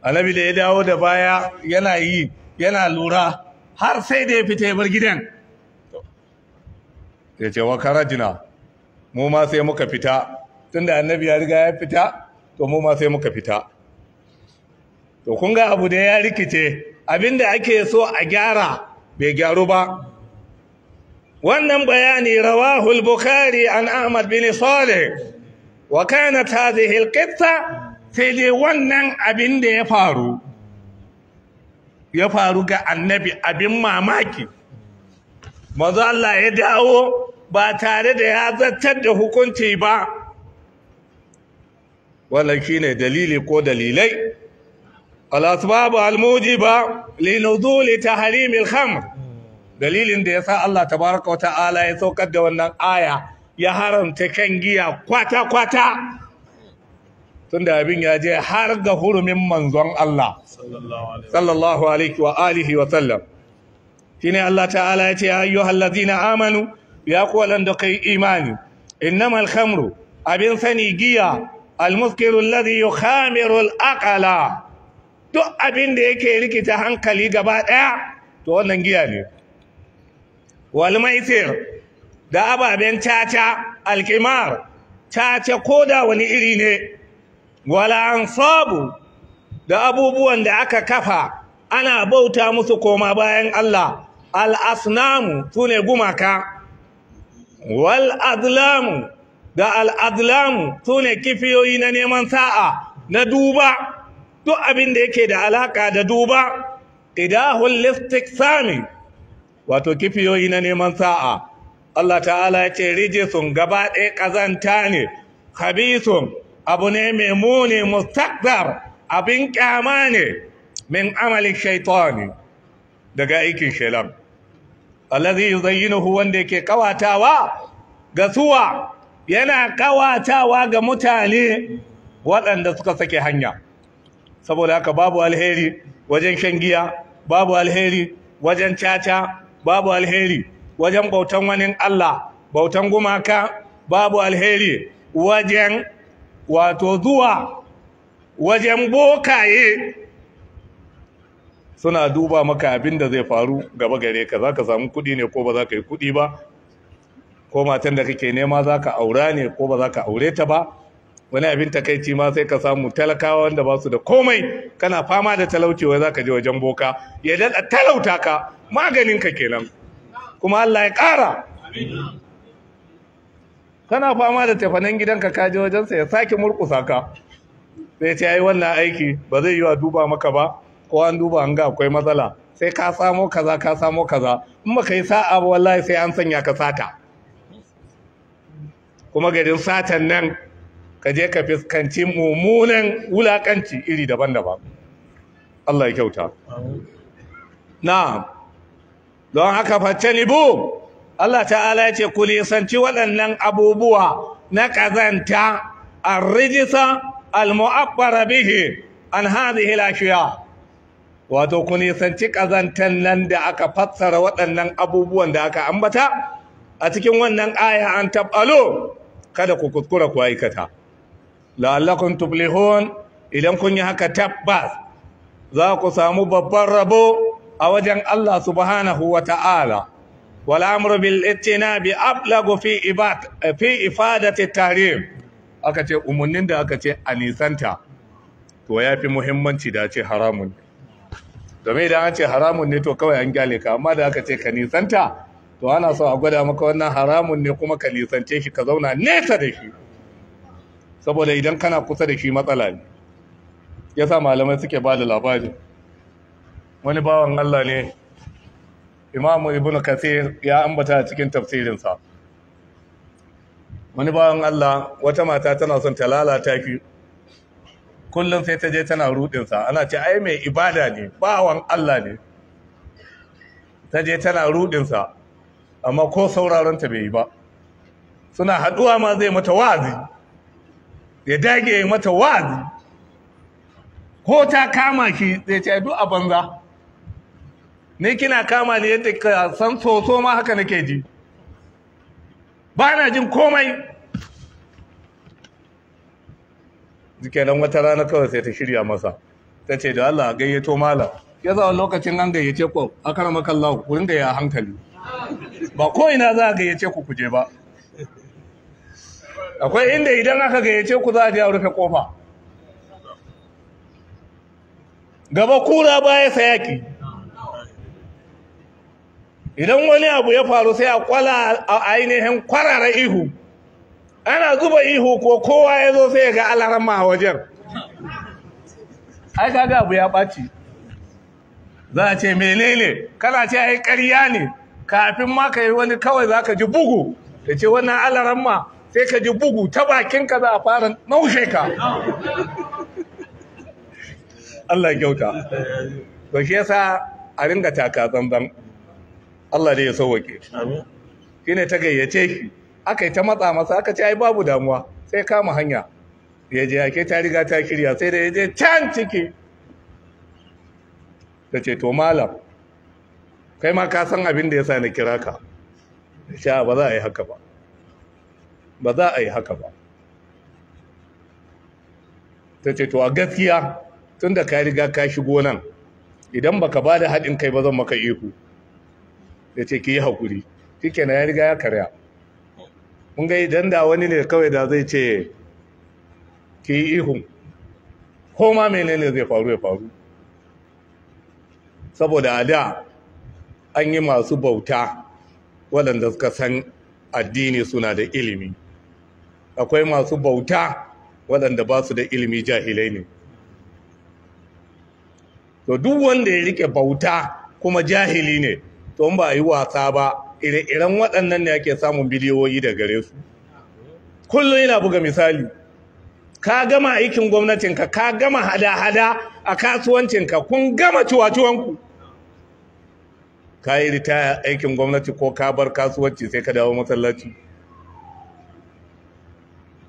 annabi da ya dawo da baya yana yi yana lura har sai da ya fi ya gidan ya ce wakarajina mu ma sai muka fita tunda annabi ya riga ya fita to mu ma sai muka fita to kun ga abu da ya rikice abinda ake so a gyara bai gyaru ba wannan bayani rawahul bukhari an ahmad bin salih wa kanat hadhihi alqissa sai dai wannan abin da ya faru ya faru ga annabi abin mamaki manzo Allah ya dawo ba tare da ya zartar da hukunci ba wannan shine dalili ko dalilai al asbab al mujiba li nuzuli tahrim al khamr dalilin da ya sa Allah tabaraka ta'ala ya saukar da wannan aya ya haramta kan giya kwata kwata tunda abin ya je har ga hurumin manzon Allah sallallahu alaihi wa alihi wa sallam shine Allah ta'ala ya ce ayyuhal ladina amanu ya ku da kai imani innamal khamru abin sani giya almuskiru alladhi yukhamiru aqala duk abin da yake rikita hankali gaba daya to wannan giya ne wal da ababen caca alkimar caca ko da wani iri ne wala ansabu da abubuwan da aka kafa ana bauta musu koma bayan Allah al-asnamu sune gumaka wal da al-adlamu sune kifiyoyi na neman sa'a na duba duk abin da yake da alaka da duba idahul listiqsami wato kifiyoyi na neman sa'a Allah ta'ala ya ce rije sun gaba ɗaya ƙazanta ne sun, abu ne mai muni mustaqdar abin ƙyama ne min amalin shaitani daga aikin zai allazi yuzayyinuhu wanda yake kawatawa ga suwa yana kawatawa ga mutane waɗanda suka sake hanya saboda haka babu alheri wajen shan giya babu alheri wajen caca babu alheri wajen bautan wani Allah bautan gumaka babu alheri wajen wato zuwa wajen bokaye suna duba maka abin da zai faru gaba gare ka za ka samu kuɗi ne ko ba za ka yi kuɗi ba ko matan da kake nema za ka aura ne ko ba za ka aure ta ba wani abin takaici ma sai ka samu talakawa wanda ba su da komai kana fama da talauci wai za ka je wajen boka ya daɗa talauta ka maganinka kenan kuma Allah ya ƙara kana fama da tafanen gidanka ka je wajensa ya sake murƙusa ka sai ce yi wannan aiki ba zai yi wa duba maka ba ko an duba an ga akwai matsala sai ka samo kaza ka samo kaza in baka yi sa'a ba wallahi sai an sanya ka sata kuma garin satan nan ka je ka fuskanci mummunan wulakanci iri daban-daban Allah ya kyauta na'am don haka fattanibu Allah ta'ala ya ce ku nisanci waɗannan abubuwa na ƙazanta arrijisa almu'abbara bihi an hadhihi al wato ku nisanci kazantan nan da aka fassara waɗannan abubuwan da aka ambata a cikin wannan aya an tabbalo kada ku kuskura ku aikata la'allakum tuflihun idan kun yi haka tabbas za ku samu babban rabo a wajen Allah subhanahu wata'ala ta'ala wal amru bil ittinabi ablagu fi ibad fi ifadati aka ce umunnin da aka ce anisanta to yafi muhimmanci da ce haramun domin idan an ce haramun ne to kawai an gyale ka amma da aka ce ka nisanta to ana so a gwada maka wannan haramun ne kuma ka nisance shi ka zauna nesa da shi saboda idan kana kusa da shi matsala ne ya sa malamai suke ba da labarin wani bawan Allah ne imamu ibn kasir ya ambata a cikin tafsirinsa wani bawan Allah wata mata tana son ta lalata fi kullum sai ta je tana rudinsa ana ce ai mai ibada ne bawan Allah ne ta je tana rudinsa amma ko sauraron ta bai yi ba suna haduwa ma zai mata wa'azi ya dage mata wa'azi ko ta kama shi zai ce duk a banza ni kina kama ne yadda ka san soso ma haka nake ji ba na jin komai kenan wata rana kawai sai ta shirya masa ta ce da Allah gayyato mala. ya zawo lokacin an gayyace ku a karama ku ringa ya hankali ba ko ina za a gayyace ku kuje ba akwai inda idan aka gayyace ku za a je a rufe kofa gaba kura baya sayaki idan wani abu ya faru sai a kwala a ainihin kwarara ihu ana zuba ihu ko kowa ya zo sai ya ga alarama a wajen ai kaga abu ya ɓaci za a ce menene kana ce ai ƙarya ne kafin ma ka yi wani kawai za ka ji bugu da ce wannan alarama sai ka ji bugu ta bakinka za a fara naushe ka Allah kyauta to shi yasa a ringa taka zanzan Allah da ya sauwake shi ne ta gayyace shi aka yi ta matsa masa aka ce ai babu damuwa sai kama hanya ya je ake ta riga ta kirya sai da ya je can ciki ta ce to malam kai ma ka san abin da ya sa na kira ka sha ba za a yi haka ba ba za a yi haka ba ta ce to a gaskiya tun da ka riga ka shigo nan idan baka ba da haɗin kai ba zan maka ihu ya ce ki yi haƙuri shi na ya riga ya karya mun ga idan da wani ne kawai da zai ce ki yi ihun ko menene zai faru ya faru saboda a da an yi masu bauta waɗanda suka san addini suna da ilimi akwai masu bauta waɗanda ba su da ilimi jahilai ne to duk wanda ya rike bauta kuma jahili ne to ba a yi wasa ba ire-iren waɗannan ne ake samun biliyoyi da gare su kullum yana buga misali ka gama aikin gwamnatinka ka gama hada-hada a kasuwancinka kun gama ciwaciwanku ka yi ritaya aikin gwamnati ko ka bar kasuwanci sai ka dawo masallaci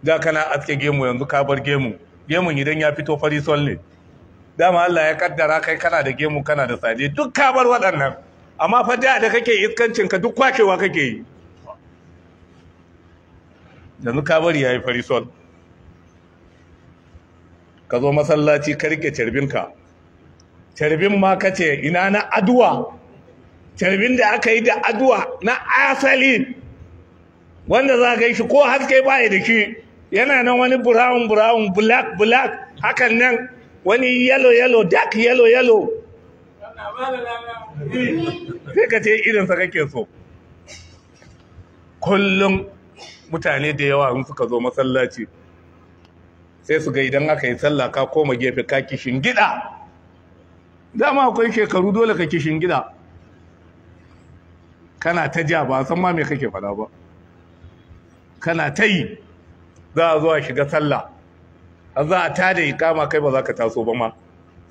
da kana aske gemu yanzu ka bar gemu gemun idan ya fito farisol ne dama Allah ya kaddara kai kana da gemu kana da sade duk ka bar waɗannan amma fa da da kake iskancin ka duk kwakewa kake yi yanzu ka bari yayi yi farisol. ka zo masallaci ka rike ka carbin ma kace ina na addu'a? carbin da aka yi da aduwa na asali wanda za ka yi shi ko haske baya da shi yana nan wani brown brown black black hakan nan wani yellow yellow dark yellow yellow sai ka ce irinsa kake so kullum mutane da yawa in suka zo masallaci sai su ga idan aka yi sallah ka koma gefe ka kishin gida dama akwai shekaru dole ka kishin gida kana ta ja ba san ma me kake fada ba kana ta yi za a zuwa a shiga sallah a za a tada ikama kai ba za ka taso ba ma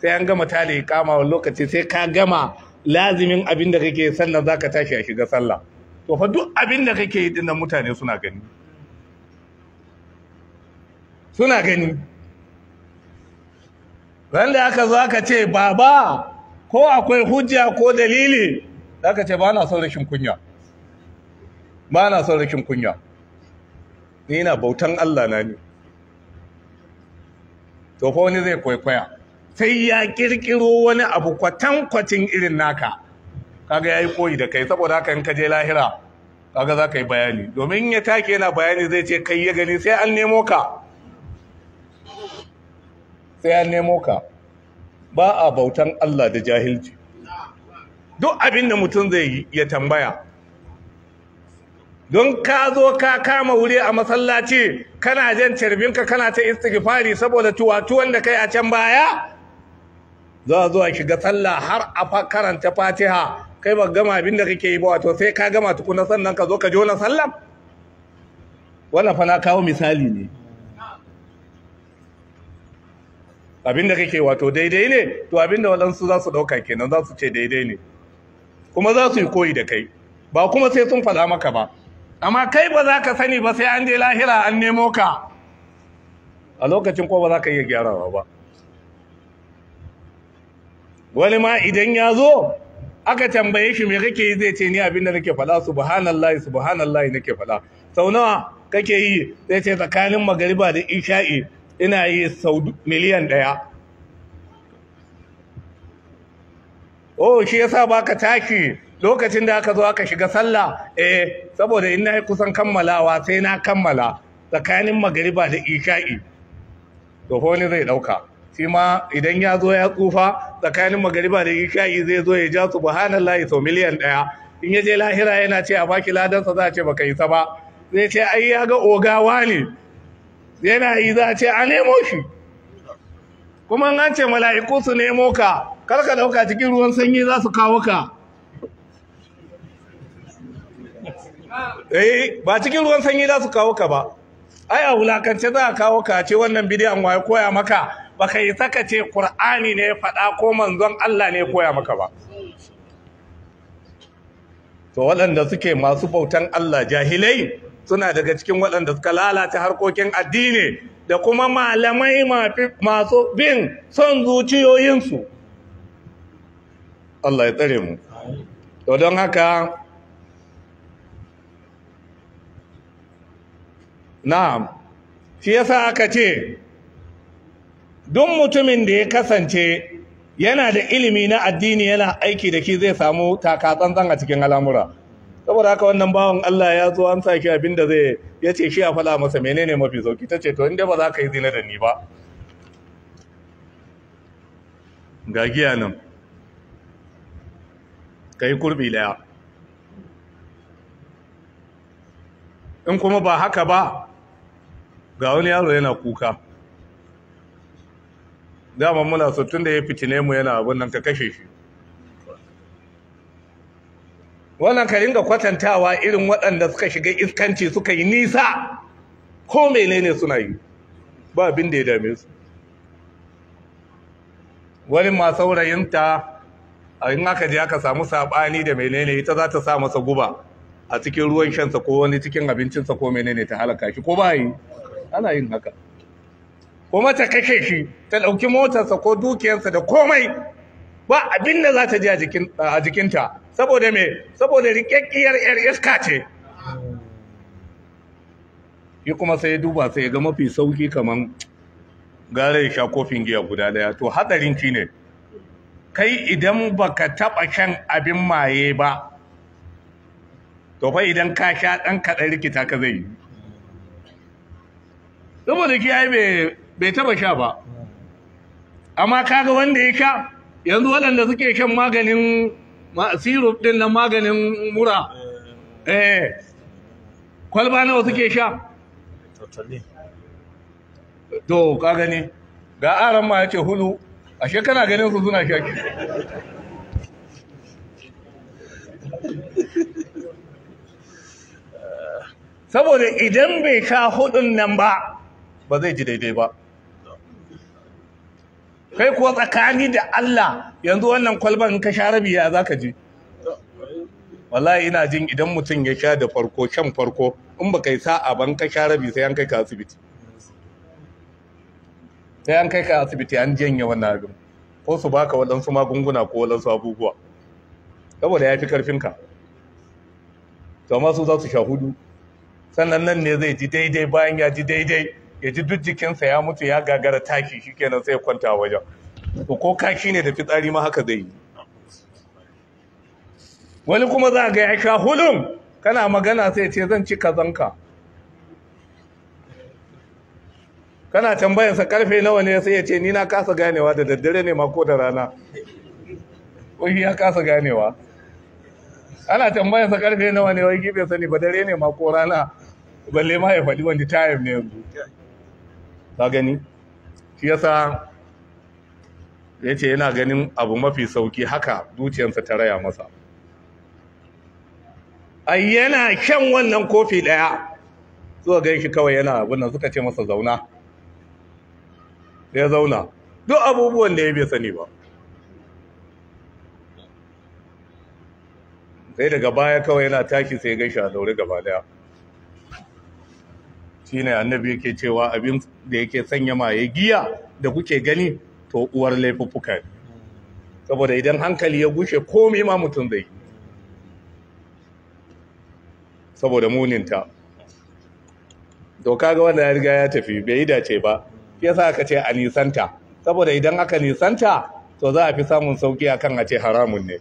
sai an gama tada ikama wani lokaci sai ka gama lazimin abin da kake sannan za ka tashi a shiga sallah to fa duk abin da kake yi dinnan mutane suna gani suna gani wanda aka za ka ce baba ko akwai hujja ko dalili za ka ce ba na son rashin kunya ba na son rashin kunya ni na bautan Allah na ne. to fa wani zai kwaikwaya sai ya kirkiro wani abu kwatan kwatin irin naka kaga yayi koyi da kai saboda haka in ka je lahira kaga za ka yi bayani domin ya take yana bayani zai ce kai ya gani sai an nemo ka sai an nemo ka ba a bautan Allah da jahilci duk abin da mutum zai yi ya tambaya don ka zo ka kama wuri a masallaci kana jan cirbinka kana ta istighfari saboda tuwatuwan da kai a can baya za a zo ki ga sallah har a karanta fatiha kai ba gama abin da kake yi ba wato sai ka gama tukuna sannan ka zo ka jona Sallam? wannan fa na kawo misali ne abin da kake wato daidai ne to abin da waɗansu za su ɗauka kenan za su ce daidai ne kuma za su yi koyi da kai ba kuma sai sun faɗa maka ba amma kai ba za ka sani ba sai an je lahira an nemo ka a lokacin ko ba za ka iya gyarawa ba wani ma idan ya zo aka tambaye shi mai kake yi zai ce ni abin da nake faɗa subhanallahi subhanallahi nake faɗa sau nawa kake yi zai ce tsakanin magariba da isha'i ina yi sau miliyan ɗaya oh shi yasa baka tashi lokacin da aka zo aka shiga sallah eh saboda in na kusan kammalawa sai na kammala tsakanin magariba da isha'i to wani zai dauka shi ma idan ya zo ya tsufa tsakanin magariba da isha'i zai zo ya ja subhanallahi sau miliyan daya in ya je lahira yana ce a baki sa za a ce baka yi ta ba zai ce ai ya ga ogawa ne yana yi za a ce a nemo shi kuma an ce mala'iku su nemo ka kar ka dauka cikin ruwan sanyi za su kawo ka eh ba cikin ruwan sanyi za su kawo ka ba ai a wulakance za a kawo ka ce wannan bidiyan waye koya maka ba ka yi saka ce qur'ani ne faɗa ko manzon Allah ne koya maka ba to waɗanda suke masu bautan Allah jahilai suna daga cikin waɗanda suka lalata harkokin addini da kuma malamai masu bin son zuciyoyinsu Allah ya tsare mu to don haka na'am shi yasa aka ce duk mutumin da ya kasance yana da ilimi na addini yana aiki da ki zai samu takatsantsan a cikin al'amura saboda haka wannan bawan Allah ya zo an saki abin da zai ya ce shi a fala masa menene mafi sauki ta ce to inda ba za ka yi zina da ni ba ga giya nan ka yi kurbi daya in kuma ba haka ba ga wani yaro yana kuka dama muna so tun da ya fitine mu yana abin nan ka kashe shi wannan ka ringa kwatantawa irin waɗanda suka shiga iskanci suka yi nisa ko menene suna yi ba abin da ya dame su wani ma saurayinta a yin aka ji aka samu saɓani da menene ita za ta sa masa guba a cikin ruwan shansa ko wani cikin abincinsa ko menene ta halaka shi ko ba yi ana yin haka kuma ta kashe shi ta ɗauki motarsa ko dukiyarsa da komai ba abin da za ta ji a jikinta saboda me saboda rikakkiyar yar iska ce Yi kuma sai ya duba sai ga mafi sauki kamar gara ya sha kofin giya guda daya to hadarin ki ne kai idan ba ka taɓa shan abin maye ba to fa idan ka sha dan kaɗan rikita ka zai yi saboda kiyaye bai taba sha ba amma kaga wanda ya sha yanzu waɗanda suke shan maganin sirup din na maganin mura eh. eh kwalba nawa suke sha to ka gani ga aran ma ya ce hulu ashe kana ganin su suna shaki saboda idan bai sha hudun nan ba ba zai ji daidai ba kai kuwa tsakani da Allah yanzu wannan kwalban ka sha rabi ya ka ji wallahi ina jin idan mutum ya sha da farko shan farko in baka yi sa'a ban ka sha rabi sai an kai ka asibiti sai an kai ka asibiti an janye wannan abin ko su baka waɗansu magunguna ko waɗansu abubuwa saboda ya fi karfinka to masu za su sha hudu sannan nan ne zai ji daidai bayan ya ji daidai ya ji duk jikinsa ya mutu ya gagara tashi shikenan sai ya kwanta wajen to ko kashi ne da fitsari ma haka zai yi wani kuma za ga ya sha hulun kana magana sai ce zan ci kazanka kana tambayarsa karfe nawa ne sai ya ce ni na kasa ganewa da daddare ne ma ko da rana wai ya kasa ganewa ana tambayarsa karfe nawa ne wai gibe sani ba dare ne ma ko rana balle ma ya faɗi wani time ne yanzu ka gani shi yasa yace yana ganin abu mafi sauki haka zuciyarsa ta raya masa ai yana kyan wannan kofi ɗaya zuwa gan shi kawai yana wannan suka ce masa zauna ya zauna duk abubuwan da ya bai sani ba sai daga baya kawai yana tashi sai gan shi a daure gaba daya shine annabi yake cewa abin da yake sanya maye giya da kuke gani to uwar laifuffuka ne saboda idan hankali ya gushe komai ma mutum zai saboda muninta to kaga wanda ya riga ya tafi bai yi dace ba yasa aka ce a nisanta saboda idan aka nisanta to za a fi samun sauki akan a ce haramun ne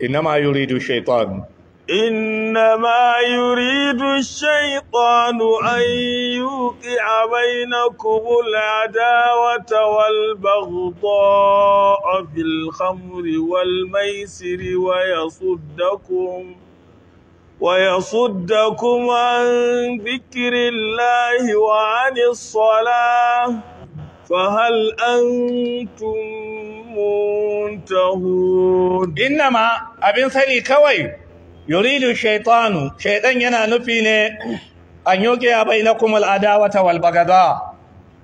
inna ma yuridu shaitan إنما يريد الشيطان أن يوقع بينكم العداوة والبغضاء في الخمر والميسر ويصدكم ويصدكم عن ذكر الله وعن الصلاة فهل أنتم منتهون إنما أبن سني كوي yuridu shaytanu shaitan yana nufi ne an yoke ya bai na kuma ta walbagada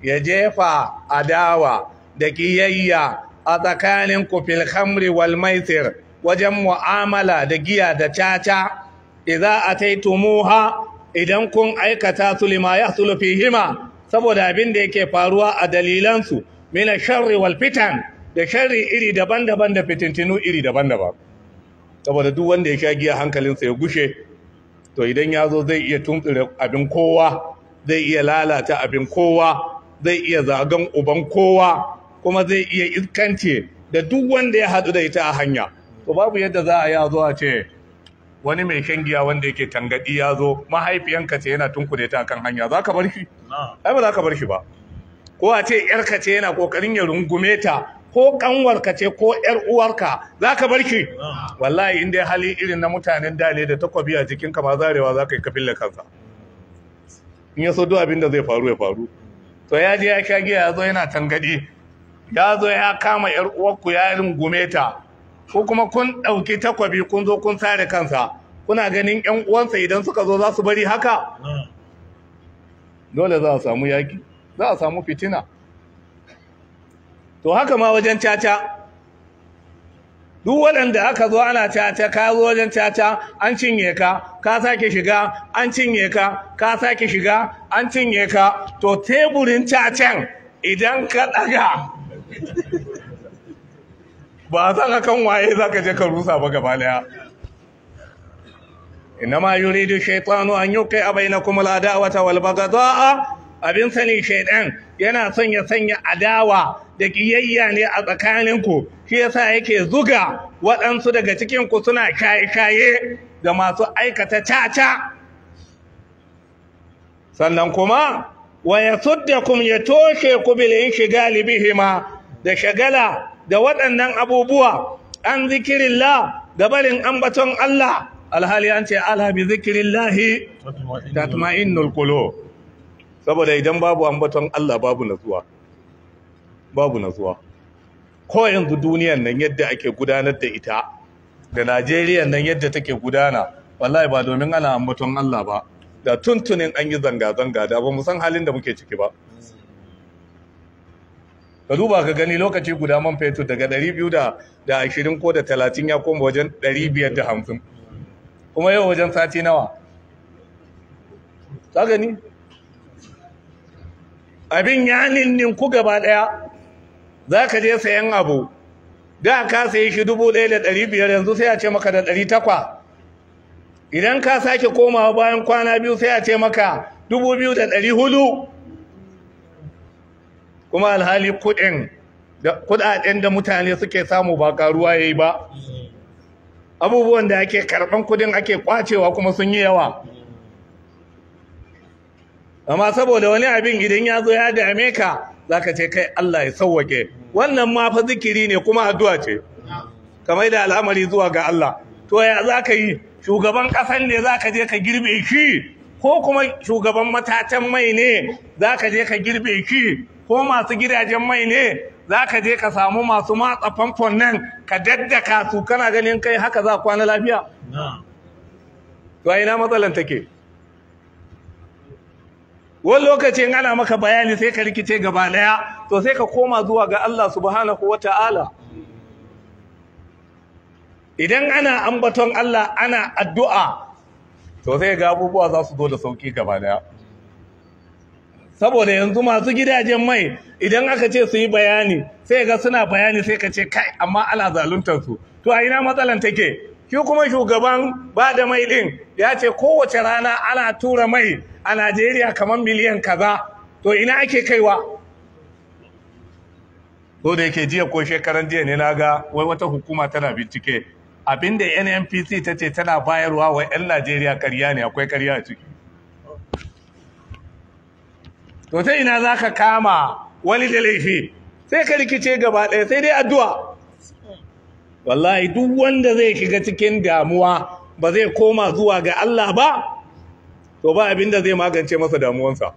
ya jefa adawa da kiyayya a tsakanin kufil hamri walmaitir wajen mu'amala da giya da caca idza ataitumuha idan kun aikata su lima sulufi hima, saboda abin da yake faruwa a dalilansu mina sharri wal fitan da sharri iri daban-daban da fitintinu iri daban-daban saboda duk wanda ya sha giya hankalinsa ya gushe to idan ya zo zai iya tumtsire abin kowa zai iya lalata abin kowa zai iya zagan uban kowa kuma zai iya iskance da duk wanda ya haɗu da ita a hanya to babu yadda za a ya zo a ce wani mai shan giya wanda yake tangadi ya zo mahaifiyanka ce yana tunkure ta kan hanya za ka bar shi ai ba za ka bar shi ba ko a ce yarka ce yana kokarin ya rungume ta ko kanwarka ce ko yar uwarka zaka barki wallahi inda hali irin na mutanen dale da takobi a jikin ka ma zarewa zaka yi kafilla kansa in ya so duk abin da zai faru ya faru to ya je ya giya ya zo yana tangadi ya zo ya kama yar uwarku ya rungume ta ko kuma kun dauki takobi kun zo kun sare kansa kuna ganin yan uwansa idan suka zo za su bari haka hmm. dole za a samu yaki za a samu fitina to haka ma wajen caca duk waɗanda aka zo ana caca ka zo wajen caca an cinye ka ka sake shiga an cinye ka ka sake shiga an cinye ka to teburin cacan idan ka ɗaga ba a saka kan waye za ka je ka rusa ba gaba daya inna ma yuridu shaytanu an yuqi'a bainakum al-adawata wal baghdha'a abin sani shaidan yana son ya sanya adawa da kiyayya ne a tsakaninku shi yasa yake zuga waɗansu daga cikin ku suna shaye-shaye da masu aikata caca sannan kuma sudda yasuddakum ya toshe ku bil inshigali bihima da shagala da waɗannan abubuwa an zikirillah da barin ambaton Allah alhali an ce ala bi zikirillahi tatma'innul qulub saboda idan babu ambaton Allah babu natsuwa babu natsuwa ko yanzu duniyan nan yadda ake gudanar da ita da Najeriya nan yadda take gudana wallahi ba domin ana ambaton Allah ba da tuntunin an yi zanga-zanga da ba mu san halin da muke ciki ba ka duba ka gani lokaci guda man fetur daga 220 ko da 30 ya koma wajen 550 kuma yau wajen sati nawa ta gani abin ya ku gaba ɗaya za ka je sayan abu da ka sayi shi dubu ɗaya da ɗari biyar yanzu sai a ce maka da ɗari takwa idan ka sake komawa bayan kwana biyu sai a ce maka dubu biyu da ɗari hudu kuma alhali kuɗin kuɗaɗen da mutane suke samu ba karuwa ya yi ba abubuwan da ake karɓan kuɗin ake kwacewa kuma sun yi yawa amma saboda wani abin gidan ya zo ya dame ka zaka ce kai Allah ya sauwake wannan ma fa zikiri ne kuma addu'a ce kamar da al'amari zuwa ga Allah to ya zaka yi shugaban kasan ne zaka je ka girbe shi ko kuma shugaban matatan mai ne zaka je ka girbe shi ko masu gidajen mai ne zaka je ka samu masu matsa famfon nan ka daddaka su kana ganin kai haka za kwana lafiya to ina matsalan take wani lokacin ana maka bayani sai ka rikice gaba daya to sai ka koma zuwa ga Allah subhanahu wata'ala idan ana ambaton Allah ana addu'a to sai ga abubuwa za su zo da sauki gaba daya saboda yanzu masu gidajen mai idan aka ce su yi bayani sai ga suna bayani sai ka ce kai amma ana zaluntar su to a ina matsalan take shi kuma shugaban ba da mai din ya ce kowace rana ana tura mai a Najeriya kamar miliyan kaza to ina ake kaiwa to da yake jiya ko shekaran jiya ne naga wai wata hukuma tana bincike abinda NNPC ta ce tana bayarwa wa 'yan Najeriya karya ne akwai karya a ciki to ta ina za ka kama wani da laifi sai ka rikice gaba ɗaya sai dai addu'a wallahi duk wanda zai shiga cikin damuwa ba zai koma zuwa ga Allah ba to ba abin da zai magance masa damuwansa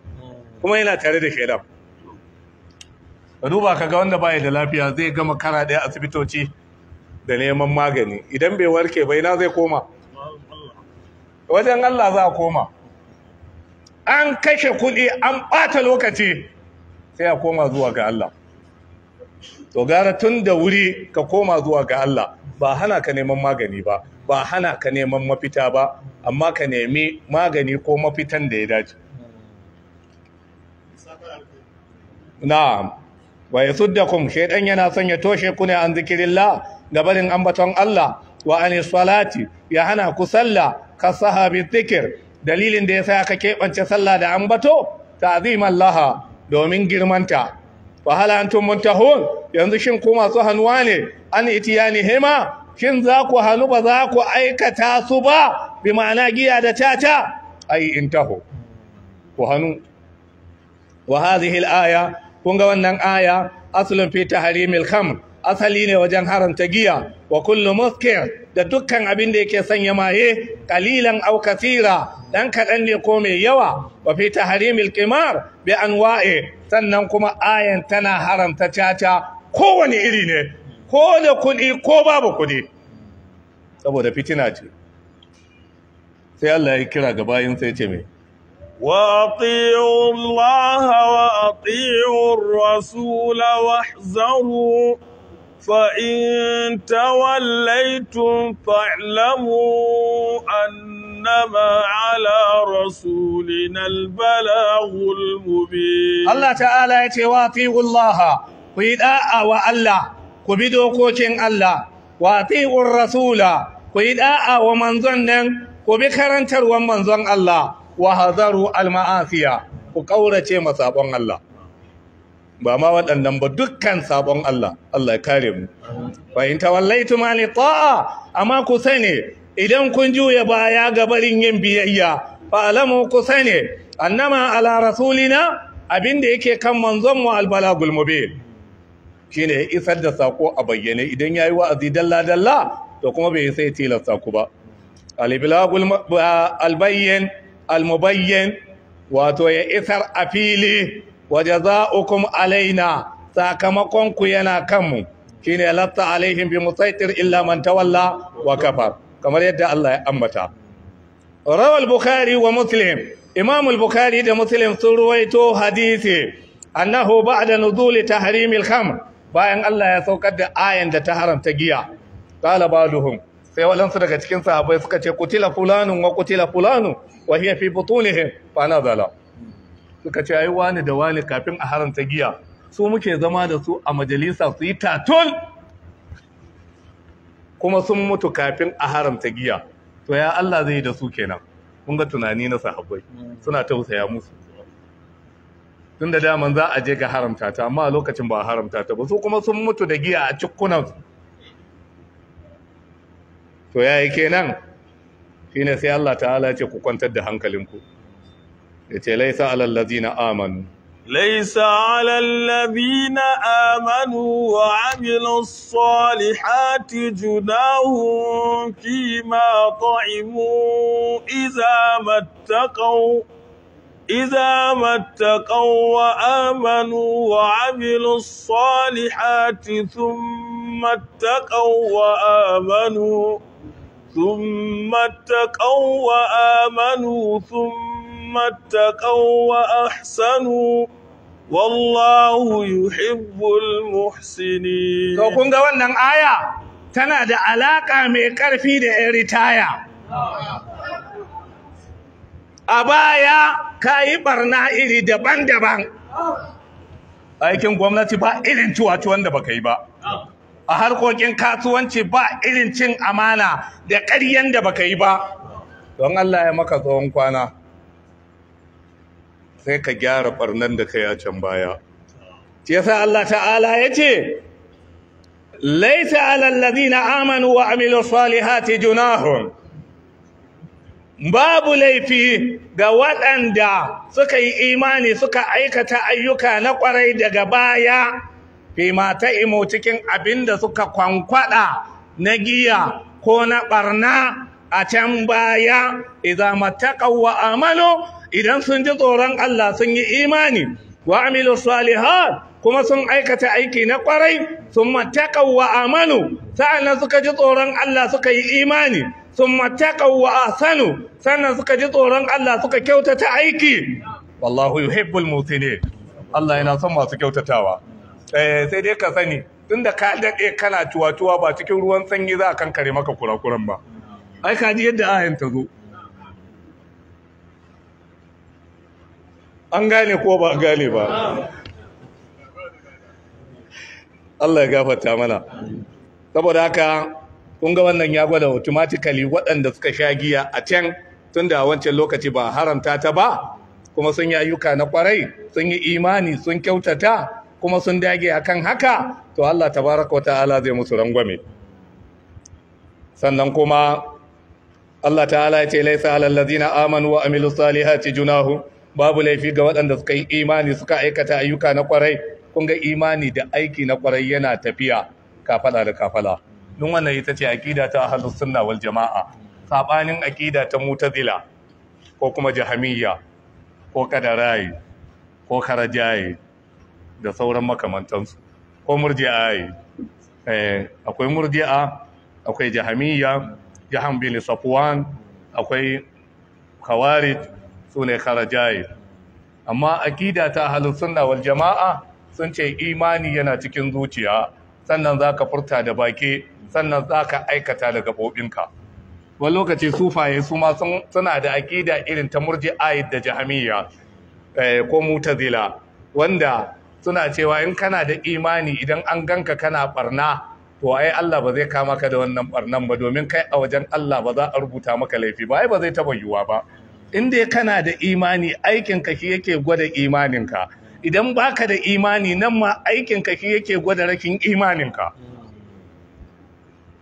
kuma yana tare da shaidan ka duba ka ga wanda baya da lafiya zai gama kara ɗaya asibitoci da neman magani idan bai warke bai na zai koma wajen Allah za a koma an kashe kuɗi an ɓata lokaci sai a koma zuwa ga Allah to gara tun da wuri ka koma zuwa ga Allah ba hana ka neman magani ba ba hana ka neman mafita ba amma ka nemi magani ko mafitan da ya dace na'am wa kun shaidan yana son ya toshe ku ne an zikirin da gabanin ambaton Allah wa an salati ya hana ku sallah ka sahabi zikir dalilin da ya sa ka keɓance sallah da ambato ta'ziman laha domin girmanta wa an tun muntahun yanzu shin ku masu hannuwa ne an itiyani hima shin za ku hannu ba za ku aikata su ba bi ma'ana giya da tata ai in taho ku hannu wa hadhihi al-aya kun ga wannan aya aslun fi tahrimil khamr asali ne wajen haranta giya wa kullu muskir da dukkan abin da yake sanya maye kalilan aw kathira dan kadan ne ko mai yawa wa fi tahrimil qimar bi anwa'i sannan kuma ayan tana haramta caca kowane iri ne ko da kuɗi ko babu kuɗi saboda fitina ce sai Allah ya kira ga bayin sai ce mai وأطيعوا الله وأطيعوا الرسول واحذروا فإن توليتم fa'lamu أن إنما على رسولنا البلاغ المبين الله تعالى يتواطيوا الله ويداء وألا كبدو كوكين الله واطيعوا الرسول ويداء ومن ظنن وبكرنتر ومن ظن الله وهذروا المعافية وقولة مصابون الله ba ma waɗannan ba dukkan sabon Allah Allah ya kare mu fa in tawallaitum ani ta'a amma ku sani idan kun juya baya ga barin yin biyayya fa alamu ku sani annama ala rasulina abinda yake kan manzon mu albalagul mubin shine isar da sako a bayyane idan yayi wa'azi dalla dalla to kuma bai sai tilas sako ba albalagul albayyin almubayyin wato ya isar a fili wa jaza'ukum alaina sakamakon ku yana kanmu shine latta alaihim bi musaitir illa man tawalla wa kafar kamar yadda Allah ya ambata rawal bukhari wa muslim imam al-bukhari da muslim sun ruwaito hadisi annahu ba'da nuzuli tahrimil khamr bayan Allah ya saukar da ayan da ta haramta giya qala baluhum sai waɗansu daga cikin sahabbai suka ce kutila fulanun wa kutila fulanu wa hiya fi butunihim fa nazala suka ce ayi wani da wani kafin a haramta giya su muke zama da su a majalisa su yi tatul kuma sun mutu kafin a haramta giya to ya Allah zai da su kenan kun ga tunani na sahabbai suna tausaya musu tun da daman za a je ga haramta ta amma lokacin ba a haramta ta ba su kuma sun mutu da giya a cikkunan to ya yi kenan shi ne sai Allah ta'ala ce ku kwantar da hankalinku ya ce laisa alal na amanu ليس على الذين آمنوا وعملوا الصالحات جناه فيما طعموا إذا ما اتقوا إذا ما اتقوا وآمنوا وعملوا الصالحات ثم اتقوا وآمنوا ثم اتقوا وآمنوا ثم الذين اتقوا واحسنوا والله يحب المحسنين to kun ga wannan aya tana da alaka mai karfi da yan ritaya a baya kayi barna iri daban-daban aikin gwamnati ba irin ciwatuwan da baka yi ba a harkokin kasuwanci ba irin cin amana da ƙaryen da baka yi ba don Allah ya maka tsohon kwana sai ka gyara barnan da ka ya baya shi Allah ta'ala ya ce laisa alallazi na amanu wa amilu salihati junahun babu laifi ga waɗanda suka yi imani suka aikata ayyuka na ƙwarai daga baya fi mata imo cikin abin da suka kwankwada na giya ko na ɓarna a can baya idan matakawa amano idan sun ji tsoron Allah sun yi imani wa amilu salihat kuma sun aikata aiki na kwarai sun taqaw wa amanu sa'annan suka ji tsoron Allah suka yi imani sun taqaw wa ahsanu sannan suka ji tsoron Allah suka kyautata aiki wallahu yuhibbul muhsinin Allah yana son masu kyautatawa eh sai dai ka sani tunda ka daɗe kana tuwa-tuwa ba cikin ruwan sanyi za a kankare maka kurakuran ba ai ka ji yadda ayan ta zo an gane ko ba gane ba Allah ya gafarta mana saboda haka kun ga wannan ya gwada automatically waɗanda suka sha giya a can tunda da wancan lokaci ba haramta ta ba kuma sun yi ayyuka na kwarai sun yi imani sun kyautata kuma sun dage akan haka to Allah tabaraka ta'ala zai musu rangwame sannan kuma Allah ta'ala ya ce laisa alal ladina amanu wa amilus salihati junahu babu laifi ga waɗanda suka yi imani suka aikata ayyuka na kwarai kun ga imani da aiki na kwarai yana tafiya kafala da kafala nun wannan ita ce aqida ta ahlus sunna wal jamaa Saɓanin aqida ta mutazila ko kuma jahamiyya ko kadarai ko karajai da sauran makamantansu ko murji'ai eh, akwai murji'a akwai jahamiyya jaham bin akwai khawarij su ne amma aqida ta ahlus sunna wal jamaa sun ce imani yana cikin zuciya sannan zaka furta da baki sannan zaka aikata da gabobinka wani lokaci sufaye su ma suna da aqida irin ta murji'a da jahamiyya eh, ko mutazila wanda suna cewa in kana da imani idan an ganka kana barna to ai Allah ba zai kama ka da wannan barnan ba domin kai a wajen Allah ba za a rubuta maka laifi ba ai ba zai taba yiwuwa ba in dai kana da imani aikinka shi yake gwada imaninka idan baka da imani nan ma aikinka shi yake gwada rakin imaninka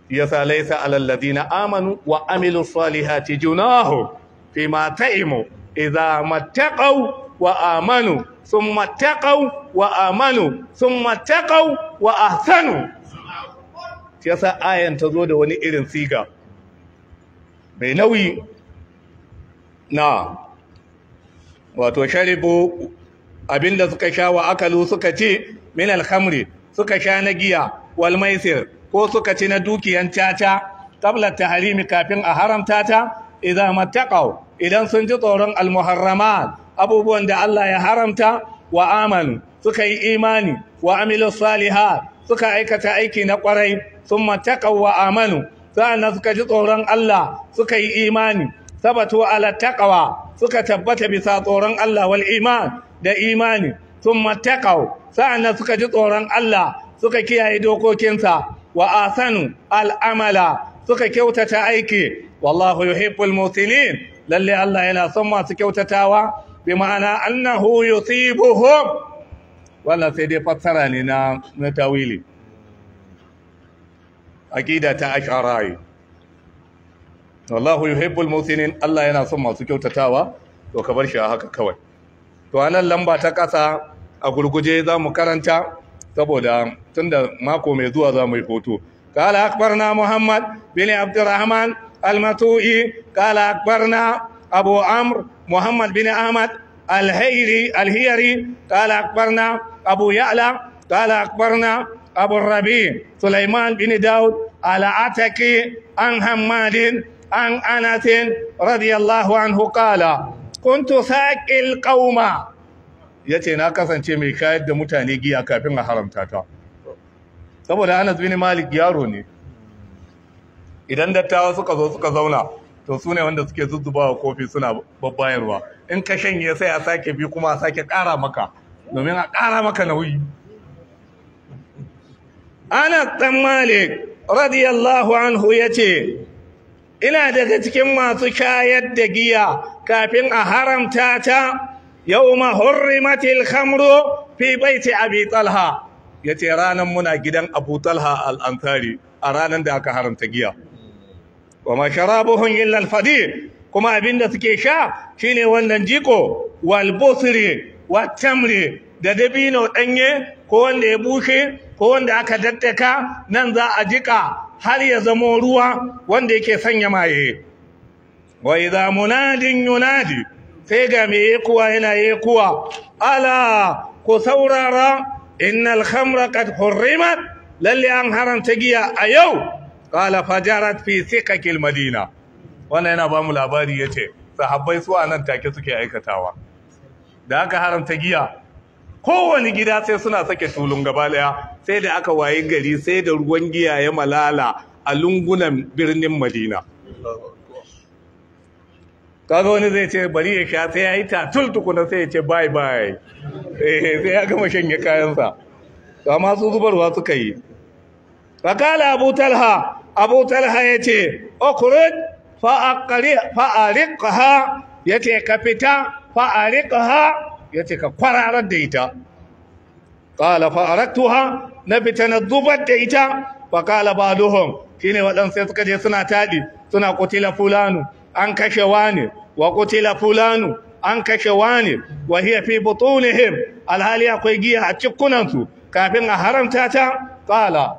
Ya sa laisa alal ladina amanu wa amilu salihati junahu fima ta'imu idza mattaqaw wa amanu thumma taqaw wa amanu thumma taqaw wa ahsanu yasa ayan ta zo da wani irin siga mai nauyi na wato sharibu abinda suka sha wa akalu suka ci min alhamri suka sha na giya wal maisir ko suka ci na dukiyan caca qabla harimi kafin a haramta ta idan mattaqaw idan sun ji tsoron muharramat abubuwan da Allah ya haramta wa aman suka yi imani wa amilu salihat suka aikata aiki na kwarai sun mattaqaw wa amanu na suka ji tsoron Allah suka yi imani tabatu ala taqwa suka tabbata bisa tsoron Allah wal iman da imani thumma taqaw sa'anna suka ji tsoron Allah suka kiyaye dokokinsa wa asanu al amala suka kyautata aiki wallahu yuhibbul musilin lalle Allah yana son masu kyautatawa bi ma'ana annahu yusibuhum wannan sai dai fassara ne na na tawili aqida ta ash'ari wallahu yuhibbul musinin Allah yana son masu kyautatawa to ka bar shi a haka kawai to anan lamba ta ƙasa, a gurguje za mu karanta saboda tunda mako mai zuwa za mu yi hoto kala akbarna muhammad bin abdurrahman almatu'i kala akbarna abu amr muhammad bin ahmad alhayri alhiyari kala akbarna abu ya'la kala akbarna abu rabi sulaiman bin daud al'ataki an hammadin عن أنس رضي الله عنه قال كنت ساقي القوم yace na kasance mai kayar da mutane giya kafin a haramta ta saboda Anas bin Malik yaro ne idan dattawa suka zo suka zauna to su ne wanda suke zuzzubawa kofi suna babbayarwa in ka shanye sai a sake bi kuma a sake ƙara maka domin a ƙara maka nauyi Anas dan Malik radiyallahu anhu yace ina daga cikin masu shayar da giya kafin a haramta ta yawma hurrimatil khamru fi baiti abi talha yace ranan muna gidan abu talha al ansari a ranan da aka haramta giya wa ma sharabuhum illa al fadi kuma abinda suke sha shine wannan jiko wal busri tamri da dabino danye ko wanda ya bushe ko wanda aka daddaka nan za a jika har ya zamo ruwa wanda yake sanya maye wa idza munadin yunadi sai ga me kuwa yana yekuwa ala ku saurara innal khamra qad hurrimat an haramta giya a yau qala fajarat fi madina wannan yana ba mu labari yace sahabbai su anan take suke aikatawa da aka haramta giya kowane gida sai suna sake tulun gaba daya sai da aka wayi gari sai da ruwan giya ya malala a lungunan birnin madina kaga wani zai ce bari ya sha sai ya yi tatul tukuna sai ya ce bye bye eh, sai ya gama shanye kayansa amma su zubarwa suka yi fakala abu talha abu talha ya ce okurud fa'ariƙa ya ce ka fita ha. Ya ce ka kwararar da ita qala fa na fita na zubar da ita fa qala ba'duhum shine waɗansu sai suka je suna taɗi, suna kutila fulanu an kashe wani wa kutila fulanu an kashe wani wa hiya fi butunihim alhali akwai giya a cikunansu kafin a haramta ta qala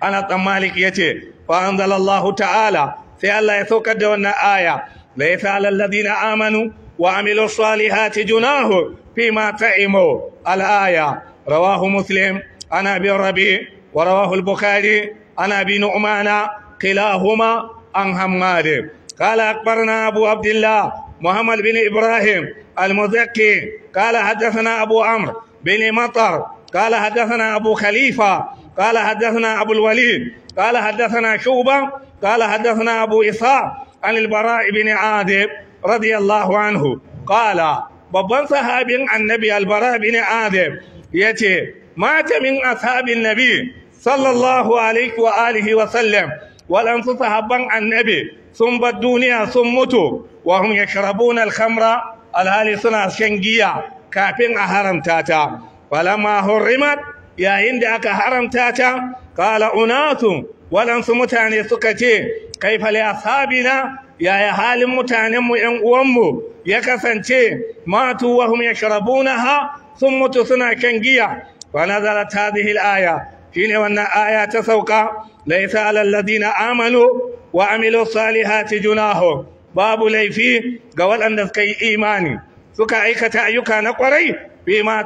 ana ya yace fa anzalallahu ta'ala sai Allah ya saukar da wannan aya laysa alal ladina amanu وعملوا الصالحات جناه فيما تعموا الآية رواه مسلم أنا أبي الربيع ورواه البخاري أنا أبي نعمان كلاهما عن حماد قال أكبرنا أبو عبد الله محمد بن إبراهيم المزكي قال حدثنا أبو عمرو بن مطر قال حدثنا أبو خليفة قال حدثنا أبو الوليد قال حدثنا شوبة قال حدثنا أبو إسحاق عن البراء بن عاذب radiyallahu anhu qala babban sahabin annabi albara bin azib yace mata min ashabin nabi sallallahu alaihi wa alihi wa sallam waɗansu sahabban annabi sun bar duniya sun mutu wa hum yashrabuna al-khamra alhali suna shan giya kafin a haramta ta falamma hurrimat yayin da aka haramta ta qala unatun waɗansu mutane suka ce kaifal ashabina yaya halin mutanenmu ‘yan uwanmu ya kasance matu wa hum yashrabunaha sun mutu suna kan giya wa nazara tadhihi al-aya shine wannan aya ta sauka laysa alal ladina amanu wa amilu salihati junahu babu laifi ga waɗanda suka yi imani suka aikata ayyuka na kwarai bi ma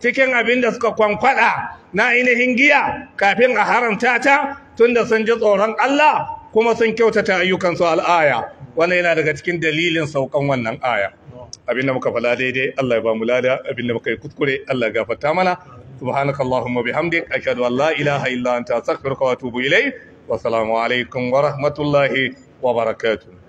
cikin abin da suka kwankwada na ainihin giya kafin a haramta ta tunda sun ji tsoron Allah kuma sun kyautata ayyukansu al'aya wannan yana daga cikin dalilin saukan wannan aya abin da muka fada daidai Allah ya ba mu lada abin da muka yi kuskure Allah ya gafarta mana subhanakallahumma bihamdik ashhadu an la ilaha illa anta astaghfiruka wa atubu ilayk wa assalamu alaikum wa rahmatullahi wa barakatuh